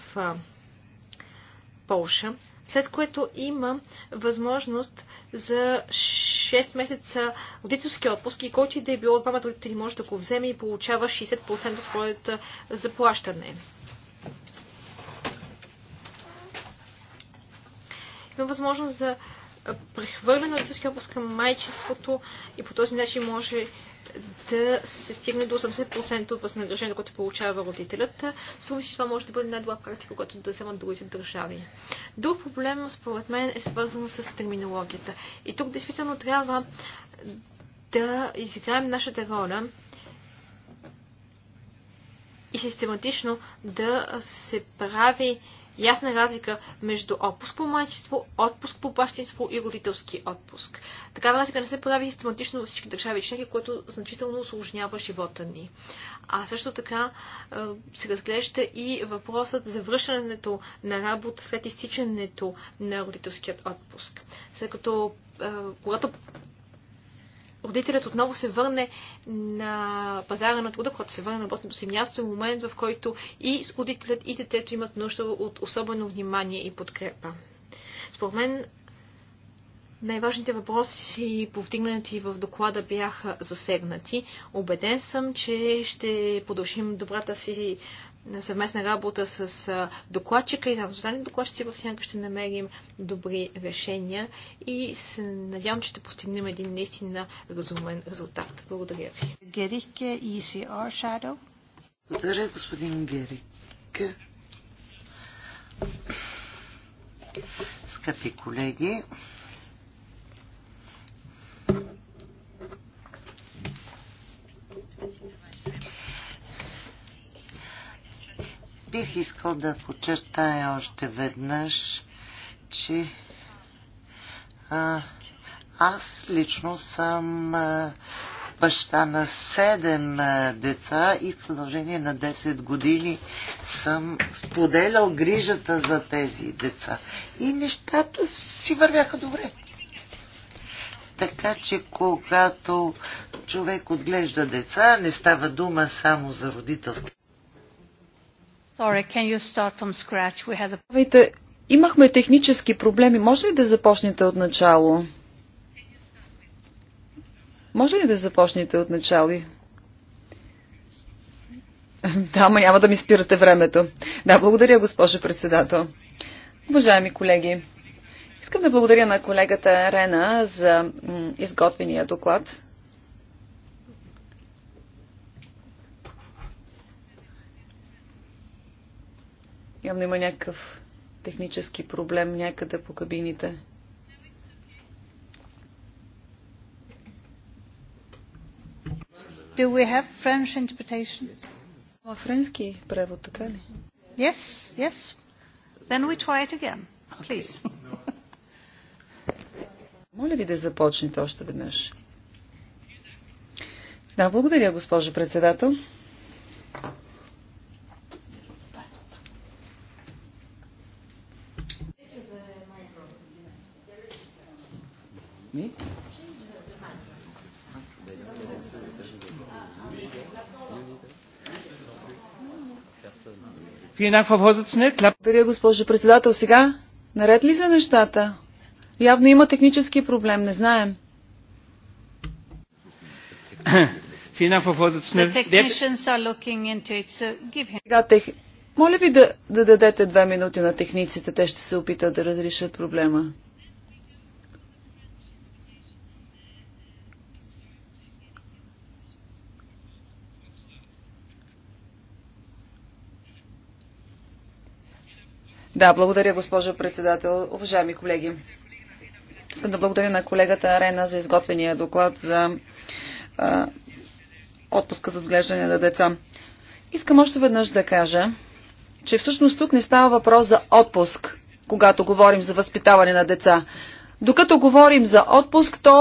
Полша, след което има възможност за 6 месеца родителски отпуск и който и да е било двама родители може да го вземе и получава 60% от своята заплащане. Има възможност за прехвърляне на родителски отпуск към майчеството и по този начин може да се стигне до 80% от възнаграждението, което получава родителят. Сумно си това може да бъде най-добра практика, която да вземат другите държави. Друг проблем, според мен, е свързан с терминологията. И тук действително трябва да изиграем нашата роля и систематично да се прави ясна разлика между отпуск по майчество, отпуск по бащинство и родителски отпуск. Такава разлика не се прави систематично във всички държави членки, което значително осложнява живота ни. А също така е, се разглежда и въпросът за връщането на работа след изтичането на родителският отпуск. След като е, когато родителят отново се върне на пазара на труда, когато се върне на работното си място, е момент, в който и родителят, и детето имат нужда от особено внимание и подкрепа. Според мен най-важните въпроси, повдигнати в доклада, бяха засегнати. Обеден съм, че ще продължим добрата си на съвместна работа с докладчика и заедно с докладчици в сянка ще намерим добри решения и се надявам, че ще постигнем един наистина разумен резултат. Благодаря ви. и си Оршадо. Благодаря, господин Герик. Скъпи колеги, Бих искал да подчертая още веднъж, че а, аз лично съм а, баща на 7 деца и в продължение на 10 години съм споделял грижата за тези деца. И нещата си вървяха добре. Така че когато човек отглежда деца, не става дума само за родителски. Sorry, can you start from scratch? We had a... Имахме технически проблеми. Може ли да започнете от начало? Може ли да започнете от начало? [laughs] Да, ма няма да ми спирате времето. Да, благодаря, госпожо председател. Уважаеми колеги, искам да благодаря на колегата Рена за изготвения доклад. Явно има някакъв технически проблем някъде по кабините. Do we have French interpretation? Yes. френски превод, така ли? Yes, yes. Then we try it again, please. Okay. Моля ви да започнете още веднъж. Да, благодаря, госпожо председател. Благодаря, госпожо председател. Сега, наред ли са нещата? Явно има технически проблем, не знаем. [coughs] Моля ви да, да дадете две минути на техниците, те ще се опитат да разрешат проблема. Да, благодаря, госпожо председател. Уважаеми колеги, искам да благодаря на колегата Арена за изготвения доклад за а, отпуска за отглеждане на деца. Искам още веднъж да кажа, че всъщност тук не става въпрос за отпуск, когато говорим за възпитаване на деца. Докато говорим за отпуск, то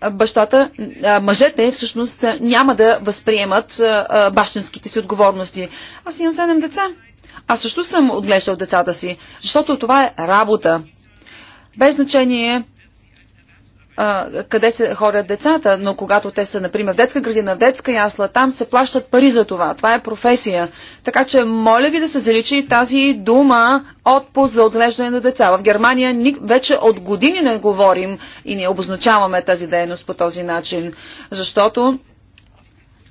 а, бащата, а, мъжете всъщност няма да възприемат а, бащинските си отговорности. Аз имам седем деца аз също съм отглеждал децата си, защото това е работа. Без значение а, къде се хорят децата, но когато те са, например, в детска градина, в детска ясла, там се плащат пари за това. Това е професия. Така че, моля ви да се заличи тази дума отпуск за отглеждане на деца. В Германия ни, вече от години не говорим и не обозначаваме тази дейност по този начин, защото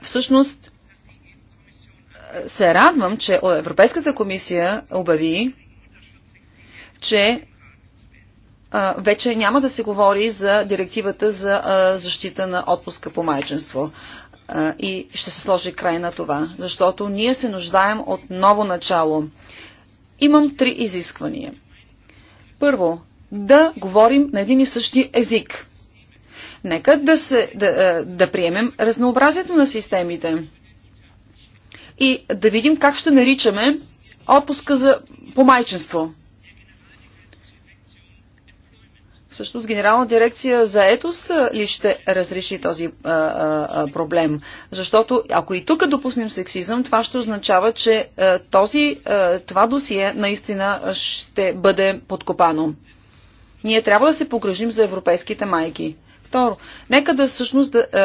всъщност се радвам, че Европейската комисия обяви, че вече няма да се говори за директивата за защита на отпуска по майчинство. И ще се сложи край на това, защото ние се нуждаем от ново начало. Имам три изисквания. Първо, да говорим на един и същи език. Нека да, се, да, да приемем разнообразието на системите и да видим как ще наричаме отпуска за помайчинство. Всъщност Генерална дирекция за етост ли ще разреши този а, а, проблем? Защото ако и тук допуснем сексизъм, това ще означава, че а, този, а, това досие наистина ще бъде подкопано. Ние трябва да се погрежим за европейските майки. Второ, нека да всъщност да, е,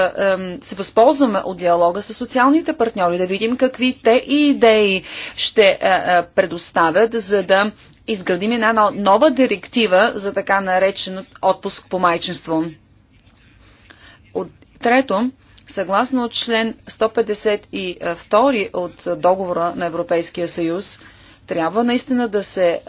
е, се възползваме от диалога с социалните партньори, да видим какви те и идеи ще е, е, предоставят, за да изградим една нова директива за така наречен отпуск по майчинство. От, трето, съгласно член 152 е, от договора на Европейския съюз, трябва наистина да се е,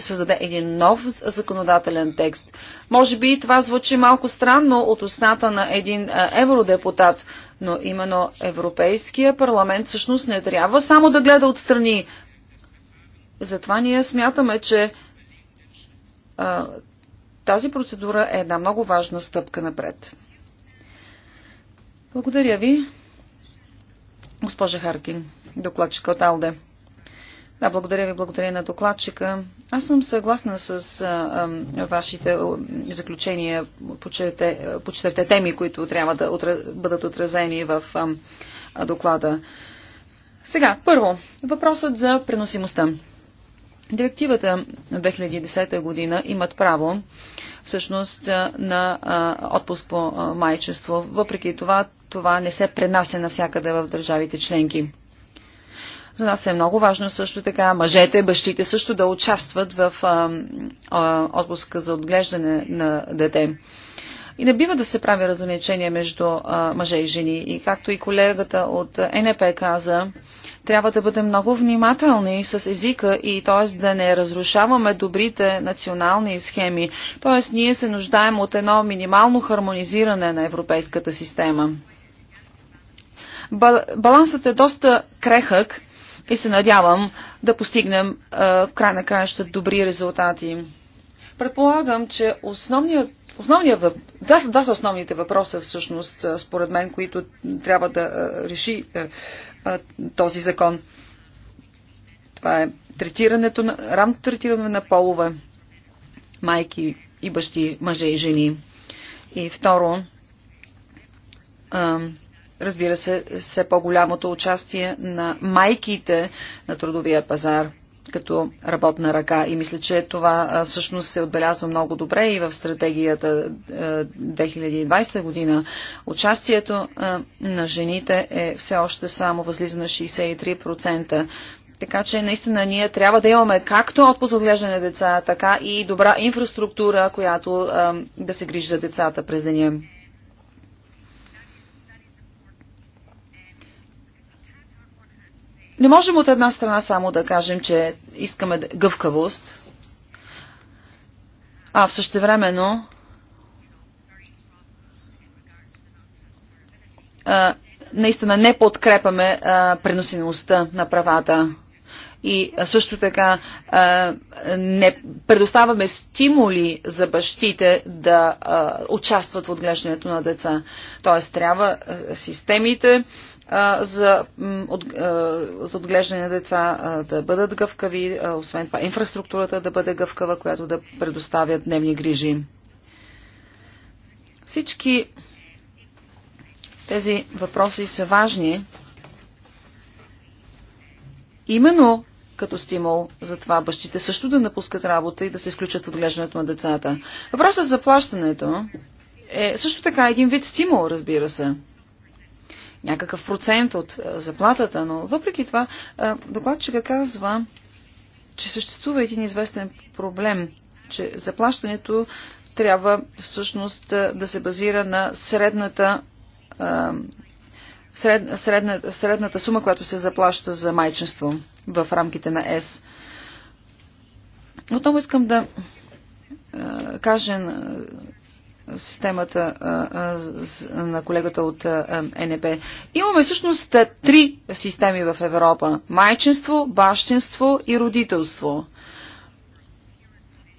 създаде един нов законодателен текст. Може би това звучи малко странно от устата на един е, евродепутат, но именно Европейския парламент всъщност не трябва само да гледа отстрани. Затова ние смятаме, че е, тази процедура е една много важна стъпка напред. Благодаря ви, госпожа Харкин, докладчика от Алде. Да, благодаря ви, благодаря на докладчика. Аз съм съгласна с а, а, вашите заключения по четирите теми, които трябва да отра... бъдат отразени в а, доклада. Сега, първо, въпросът за преносимостта. Директивата 2010 година имат право всъщност на отпуск по майчество. Въпреки това, това не се пренася навсякъде в държавите членки. За нас е много важно също така мъжете, бащите също да участват в а, а, отпуска за отглеждане на дете. И не бива да се прави разграничение между а, мъже и жени. И както и колегата от НП каза, трябва да бъдем много внимателни с езика и т.е. да не разрушаваме добрите национални схеми. Т.е. ние се нуждаем от едно минимално хармонизиране на европейската система. Балансът е доста крехък и се надявам да постигнем в край на краища добри резултати. Предполагам, че основният Основния да, два са основните въпроса, всъщност, според мен, които трябва да реши този закон. Това е третирането на, третиране на полове, майки и бащи, мъже и жени. И второ, разбира се, все по-голямото участие на майките на трудовия пазар като работна ръка. И мисля, че това всъщност се отбелязва много добре и в стратегията 2020 година. Участието на жените е все още само възлиза на 63%. Така че наистина ние трябва да имаме както отпуск за отглеждане на деца, така и добра инфраструктура, която да се грижи за децата през деня. Не можем от една страна само да кажем, че искаме гъвкавост, а в същевременно а, наистина не подкрепаме а, преносимостта на правата. И също така не предоставяме стимули за бащите да участват в отглеждането на деца. Тоест трябва системите за, от, за отглеждане на деца да бъдат гъвкави, освен това инфраструктурата да бъде гъвкава, която да предоставя дневни грижи. Всички тези въпроси са важни именно като стимул за това бащите също да напускат работа и да се включат в отглеждането на децата. Въпросът за плащането е също така един вид стимул, разбира се някакъв процент от е, заплатата, но въпреки това е, докладчика казва, че съществува един известен проблем, че заплащането трябва всъщност е, да се базира на средната сред, средна, средната сума, която се заплаща за майчинство в рамките на ЕС. Отново искам да е, кажа системата на колегата от НП. Имаме всъщност три системи в Европа. Майчинство, бащинство и родителство.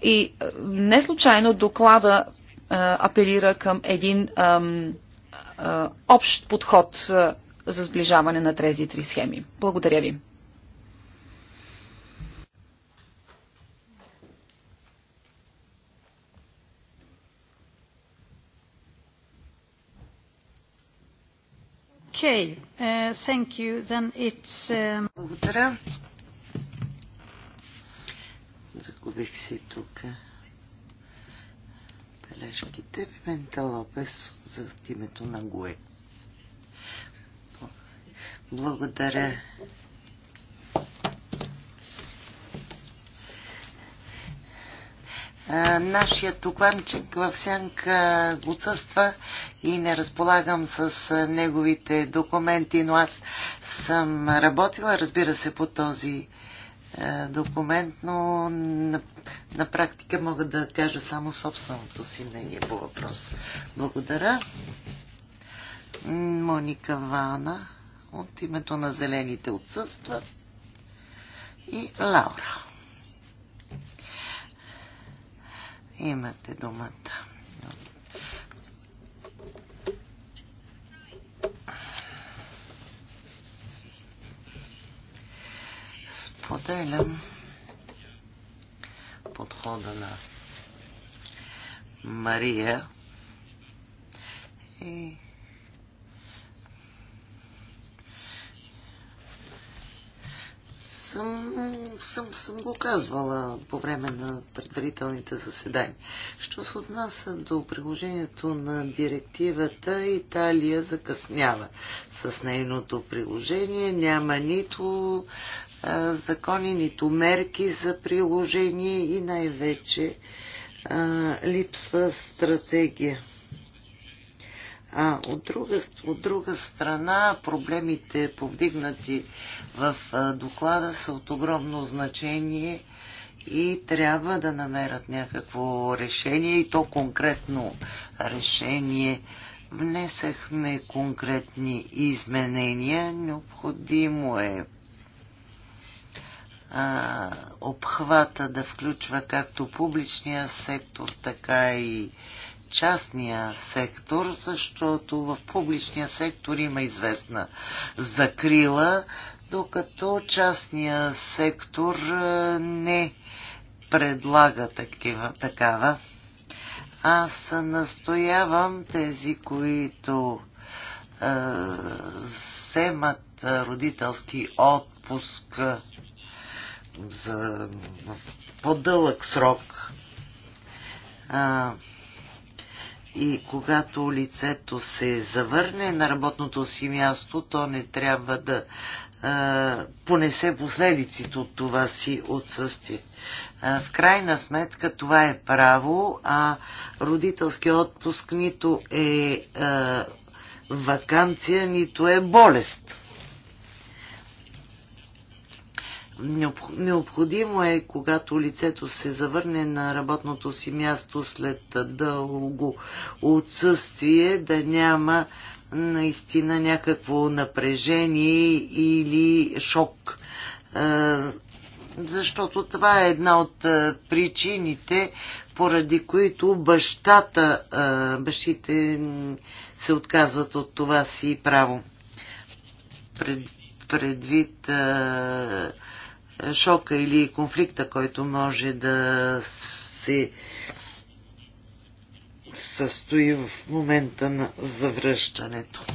И не случайно доклада апелира към един общ подход за сближаване на тези три схеми. Благодаря ви. Okay, uh, thank you. Then it's... Um, Благодаря. Загубих си тук бележките. Пимента Лопес за името на Гуе. Благодаря, Нашият токламчик в сянка отсъства и не разполагам с неговите документи, но аз съм работила, разбира се, по този документ, но на, на практика мога да кажа само собственото си мнение по въпрос. Благодаря. Моника Вана от името на Зелените отсъства и Лаура. Имате думата. Споделям подхода на Мария и съм, съм, съм го казвала по време на предварителните заседания. Що се отнася до приложението на директивата, Италия закъснява с нейното приложение. Няма нито а, закони, нито мерки за приложение и най-вече липсва стратегия. А от друга, от друга страна, проблемите повдигнати в доклада са от огромно значение и трябва да намерят някакво решение и то конкретно решение. Внесахме конкретни изменения, необходимо е а, обхвата да включва както публичния сектор, така и а, частния сектор, защото в публичния сектор има известна закрила, докато частния сектор е, не предлага такива, такава. Аз настоявам тези, които е, вземат родителски отпуск е, за по-дълъг срок, е, и когато лицето се завърне на работното си място, то не трябва да а, понесе последиците от това си отсъствие. А, в крайна сметка това е право, а родителски отпуск нито е а, вакансия, нито е болест. Необходимо е, когато лицето се завърне на работното си място след дълго отсъствие, да няма наистина някакво напрежение или шок. Е, защото това е една от е, причините, поради които бащата, е, бащите се отказват от това си право. Пред, предвид шока или конфликта, който може да се състои в момента на завръщането.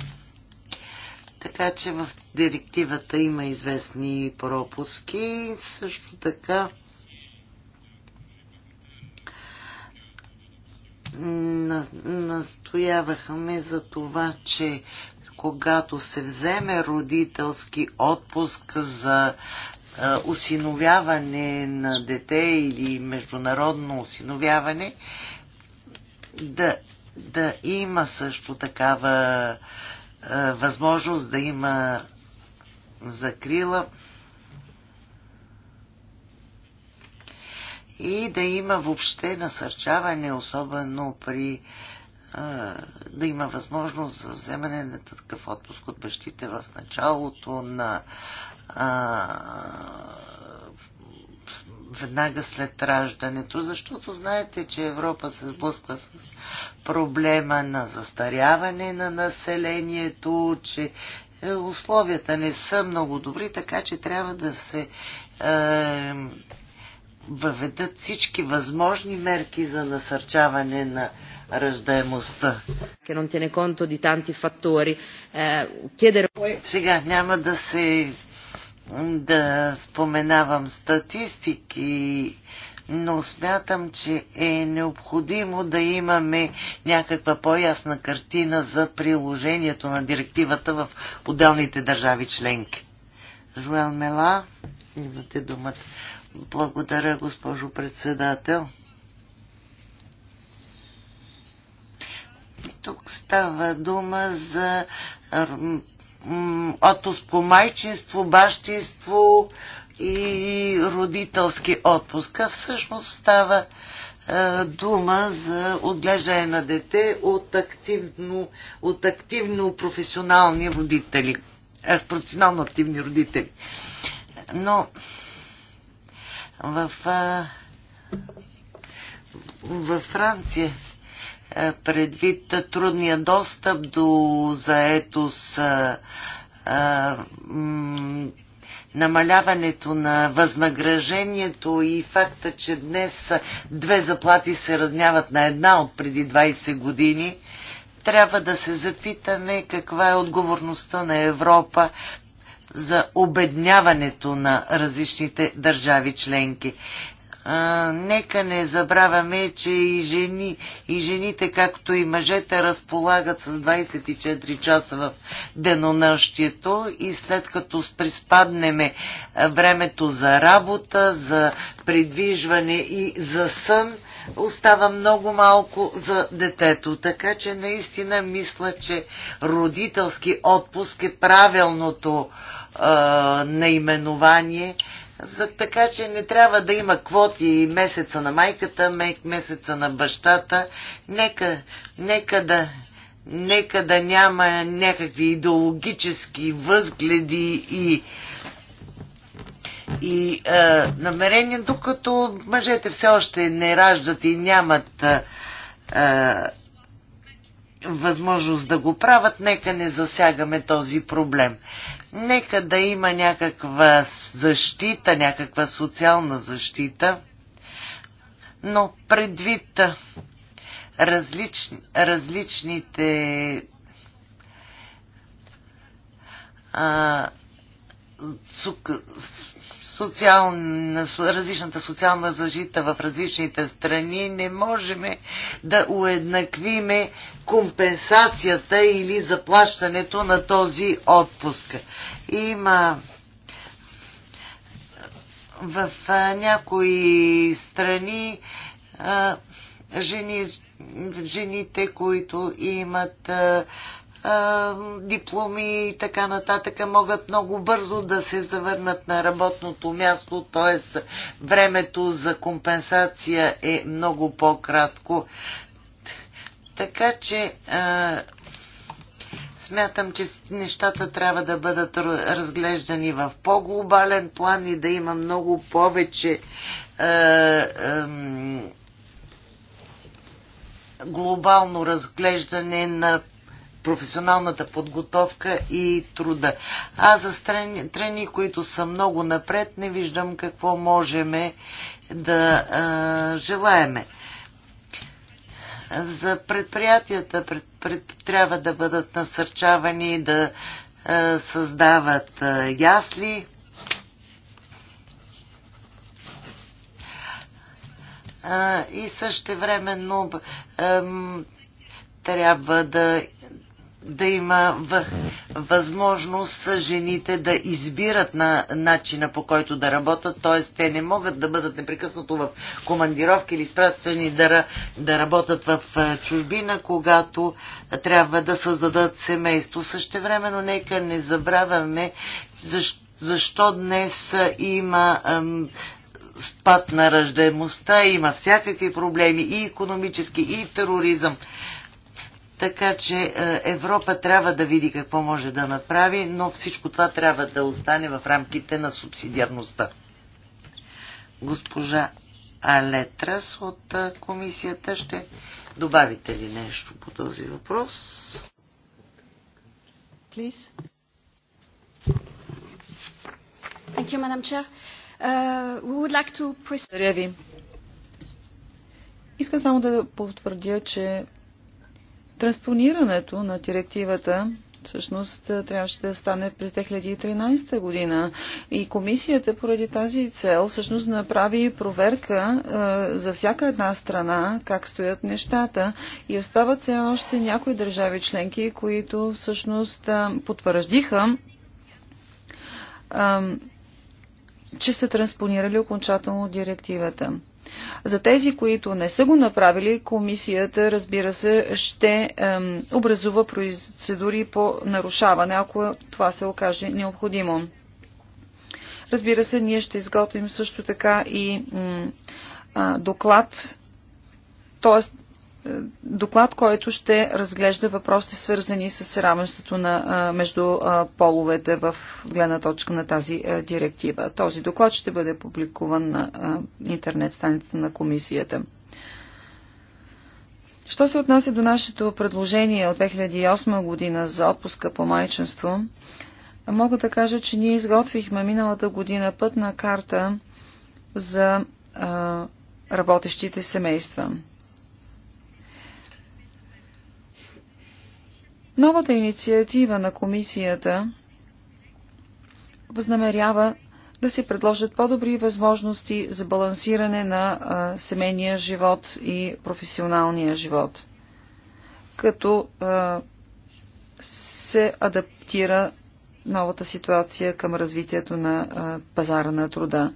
Така че в директивата има известни пропуски. Също така настоявахме за това, че когато се вземе родителски отпуск за осиновяване на дете или международно осиновяване да, да има също такава а, възможност да има закрила и да има въобще насърчаване, особено при а, да има възможност за вземане на такъв отпуск от бащите в началото на а, веднага след раждането, защото знаете, че Европа се сблъсква с проблема на застаряване на населението, че е, условията не са много добри, така че трябва да се е, въведат всички възможни мерки за насърчаване на раждаемостта. Е, Сега няма да се да споменавам статистики, но смятам, че е необходимо да имаме някаква по-ясна картина за приложението на директивата в отделните държави членки. Жуел Мела, имате думата. Благодаря, госпожо председател. Тук става дума за отпуск по майчинство, бащинство и родителски отпуска. Всъщност става е, дума за отглеждане на дете от активно, от активно професионални родители. Е, професионално активни родители. Но в, е, Франция предвид трудния достъп до заетост, намаляването на възнаграждението и факта, че днес две заплати се разняват на една от преди 20 години, трябва да се запитаме каква е отговорността на Европа за обедняването на различните държави членки а, нека не забравяме, че и, жени, и жените, както и мъжете, разполагат с 24 часа в денонощието и след като приспаднеме времето за работа, за придвижване и за сън, остава много малко за детето. Така че наистина мисля, че родителски отпуск е правилното е, наименование за, така че не трябва да има квоти месеца на майката, месеца на бащата. Нека, нека да нека да няма някакви идеологически възгледи и, и е, намерения, докато мъжете все още не раждат и нямат е, възможност да го правят, нека не засягаме този проблем. Нека да има някаква защита, някаква социална защита, но предвид различ, различните а, сук, социална, различната социална защита в различните страни, не можем да уеднаквиме компенсацията или заплащането на този отпуск. Има в някои страни жени, жените, които имат дипломи и така нататък могат много бързо да се завърнат на работното място, т.е. времето за компенсация е много по-кратко. Така че а, смятам, че нещата трябва да бъдат разглеждани в по-глобален план и да има много повече а, а, глобално разглеждане на професионалната подготовка и труда. А за страни, страни които са много напред, не виждам какво можем да а, желаеме. За предприятията пред, пред, трябва да бъдат насърчавани да а, създават а, ясли, и също времено трябва да да има възможност жените да избират на начина по който да работят, т.е. те не могат да бъдат непрекъснато в командировки или изпратени да, да работят в чужбина, когато трябва да създадат семейство. времено, нека не забравяме защо, защо днес има ам, спад на ръждаемостта, има всякакви проблеми и економически, и тероризъм. Така че е, Европа трябва да види какво може да направи, но всичко това трябва да остане в рамките на субсидиарността. Госпожа Алетрас от е, комисията ще добавите ли нещо по този въпрос? Thank you, Madam Chair. Uh, we would like to... Благодаря ви. Искам само да потвърдя, че Транспонирането на директивата всъщност трябваше да стане през 2013 година. И комисията поради тази цел всъщност направи проверка е, за всяка една страна как стоят нещата и остават все още някои държави членки, които всъщност е, потвърждиха е, че са транспонирали окончателно директивата. За тези, които не са го направили, комисията, разбира се, ще ем, образува процедури по нарушаване, ако това се окаже необходимо. Разбира се, ние ще изготвим също така и доклад, т.е. Е, доклад, който ще разглежда въпросите свързани с равенството на, е, между е, половете в гледна точка на тази директива. Този доклад ще бъде публикуван на интернет страницата на комисията. Що се отнася до нашето предложение от 2008 година за отпуска по майчинство, мога да кажа, че ние изготвихме миналата година пътна карта за а, работещите семейства. Новата инициатива на комисията възнамерява да се предложат по-добри възможности за балансиране на а, семейния живот и професионалния живот, като а, се адаптира новата ситуация към развитието на а, пазара на труда.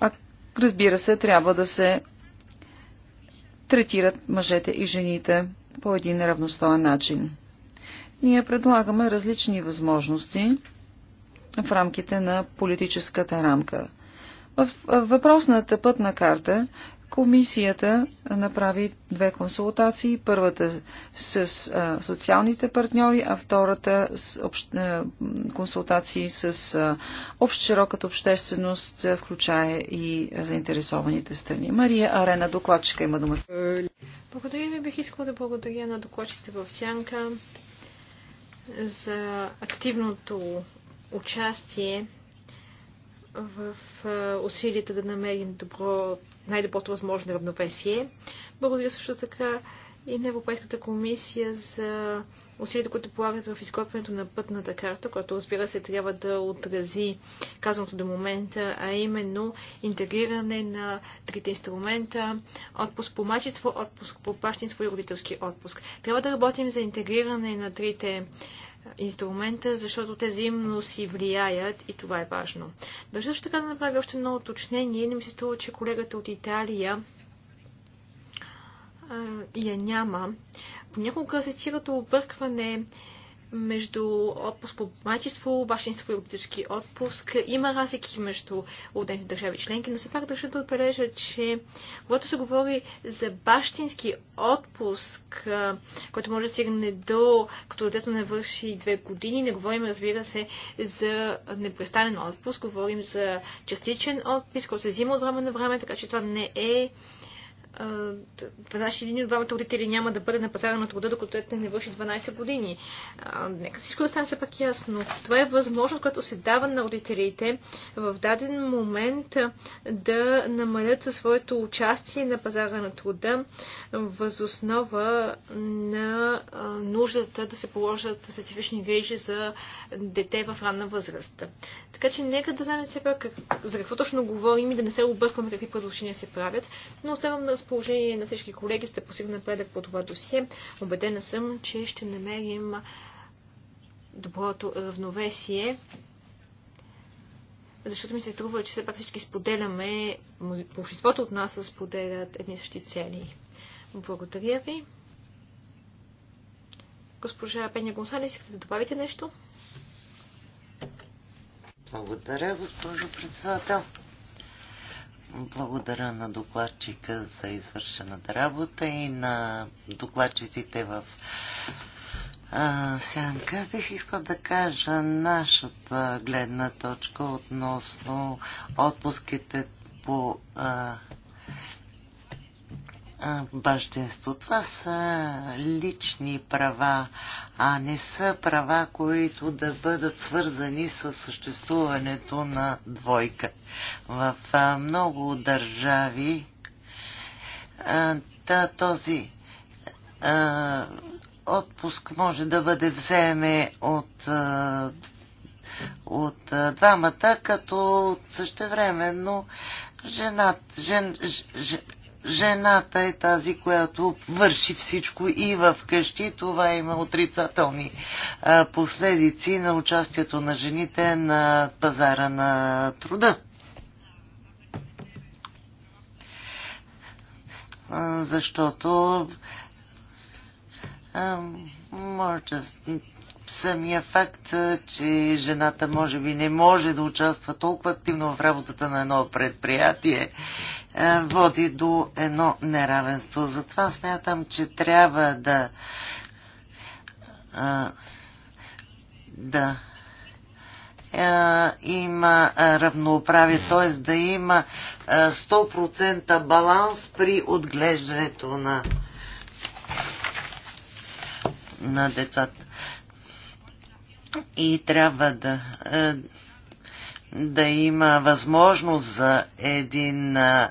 А, разбира се, трябва да се третират мъжете и жените по един равностоен начин. Ние предлагаме различни възможности в рамките на политическата рамка. В въпросната пътна карта Комисията направи две консултации. Първата с а, социалните партньори, а втората с общ, а, консултации с а, общ, широката общественост, включая и а, заинтересованите страни. Мария Арена, докладчика, има думата. Благодаря ви. Бих искала да благодаря на докладчите в Сянка за активното участие в усилията да намерим добро най-доброто възможно равновесие. Благодаря също така и на Европейската комисия за усилията, които полагат в изготвянето на пътната карта, която разбира се трябва да отрази казаното до момента, а именно интегриране на трите инструмента, отпуск по мачество, отпуск по пащинство и родителски отпуск. Трябва да работим за интегриране на трите инструмента, защото те взаимно си влияят и това е важно. Държа също така да направя още едно уточнение. Не ми се струва, че колегата от Италия я няма. Понякога се стига до объркване между отпуск по майчество, бащинство и родителски отпуск. Има разлики между отделните държави членки, но все пак държа да отбележа, че когато се говори за бащински отпуск, който може да стигне до като детето не върши две години, не говорим, разбира се, за непрестанен отпуск, говорим за частичен отпуск, който се взима от време на време, така че това не е значи един от двамата родители няма да бъде на пазара на труда, докато те не върши 12 години. А, нека всичко да стане все пак ясно. Това е възможност, която се дава на родителите в даден момент да намалят със своето участие на пазара на труда възоснова на нуждата да се положат специфични грижи за дете в ранна възраст. Така че нека да знаем все пак за какво точно говорим и да не се объркваме какви предложения се правят, но оставам на разположение на всички колеги, сте да напредък по това досие. Обедена съм, че ще намерим доброто равновесие, защото ми се струва, че все пак всички споделяме, обществото от нас споделят едни същи цели. Благодаря ви. Госпожа Пеня Гонсалес, искате да добавите нещо? Благодаря, госпожо председател. Благодаря на докладчика за извършената работа и на докладчиците в а, Сянка. Бих искал да кажа нашата гледна точка относно отпуските по а, бащинство. Това са лични права, а не са права, които да бъдат свързани с съществуването на двойка. В много държави да, този отпуск може да бъде вземе от от двамата, като същевременно женат, жен, ж, ж, жената е тази, която върши всичко и в къщи. Това има отрицателни последици на участието на жените на пазара на труда. Защото може самия факт, че жената може би не може да участва толкова активно в работата на едно предприятие е, води до едно неравенство. Затова смятам, че трябва да е, да е, има равноправие, т.е. да има 100% баланс при отглеждането на, на децата. И трябва да да има възможност за един а,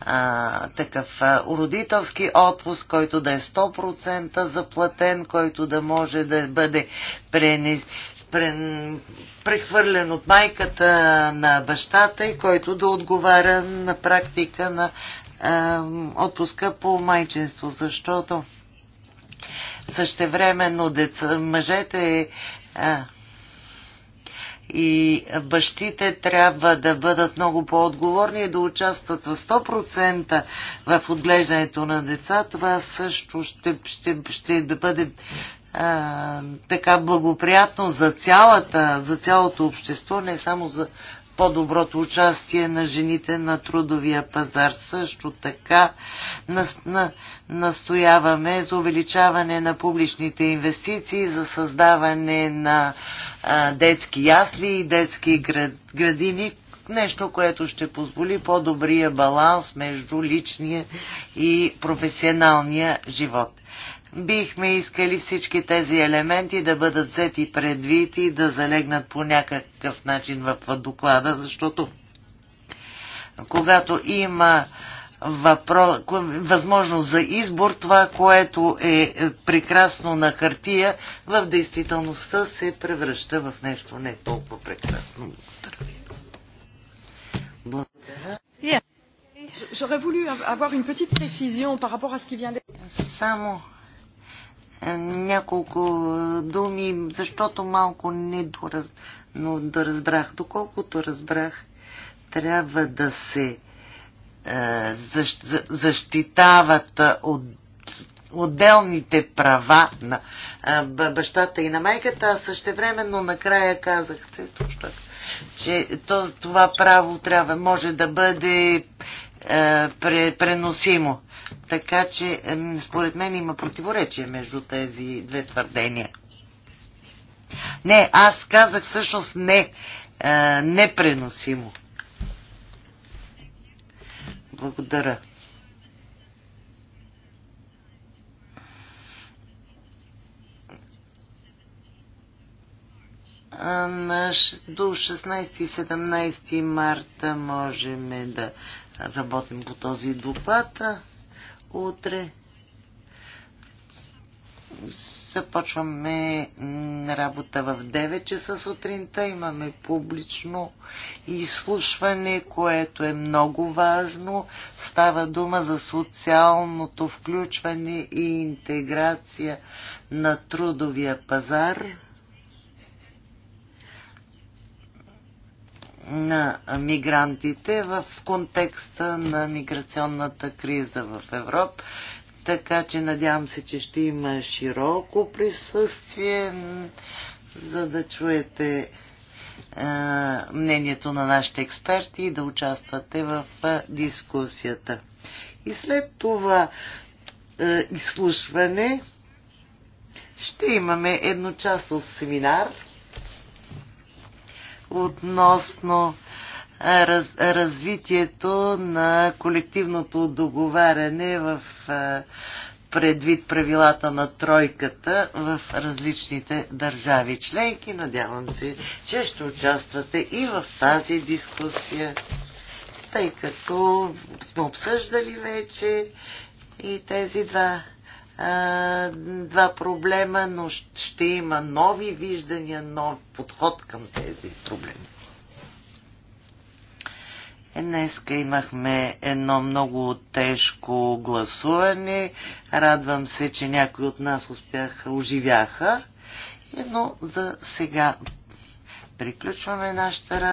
а, такъв а, родителски отпуск, който да е 100% заплатен, който да може да бъде пренес, прен, прехвърлен от майката на бащата и който да отговаря на практика на а, отпуска по майчинство, защото същевременно деца, мъжете а, и бащите трябва да бъдат много по-отговорни и да участват в 100% в отглеждането на деца, това също ще, ще, ще да бъде а, така благоприятно за, цялата, за цялото общество, не само за по-доброто участие на жените на трудовия пазар. Също така нас, на, настояваме за увеличаване на публичните инвестиции, за създаване на а, детски ясли и детски град, градини, нещо, което ще позволи по-добрия баланс между личния и професионалния живот. Бихме искали всички тези елементи да бъдат взети предвид и да залегнат по някакъв начин в доклада, защото когато има въпрос, възможност за избор, това, което е прекрасно на хартия, в действителността се превръща в нещо не толкова прекрасно. Благодаря. Yeah. avoir une petite précision par rapport à ce qui vient d'être. Само няколко думи, защото малко не дораз... но да разбрах. Доколкото разбрах, трябва да се е, защитават от отделните права на е, бащата и на майката, а същевременно накрая казахте точно, че това право трябва, може да бъде е, преносимо. Така че, според мен, има противоречие между тези две твърдения. Не, аз казах всъщност не. А, непреносимо. Благодаря. до 16 и 17 марта можем да работим по този доклад утре започваме работа в 9 часа сутринта. Имаме публично изслушване, което е много важно. Става дума за социалното включване и интеграция на трудовия пазар. на мигрантите в контекста на миграционната криза в Европа. Така че надявам се, че ще има широко присъствие, за да чуете е, мнението на нашите експерти и да участвате в е, дискусията. И след това е, изслушване ще имаме едночасов семинар – относно раз, развитието на колективното договаряне в предвид правилата на тройката в различните държави членки. Надявам се, че ще участвате и в тази дискусия, тъй като сме обсъждали вече и тези два два проблема, но ще има нови виждания, нов подход към тези проблеми. Е, днеска имахме едно много тежко гласуване. Радвам се, че някои от нас успяха, оживяха. Е, но за сега приключваме нашата работа.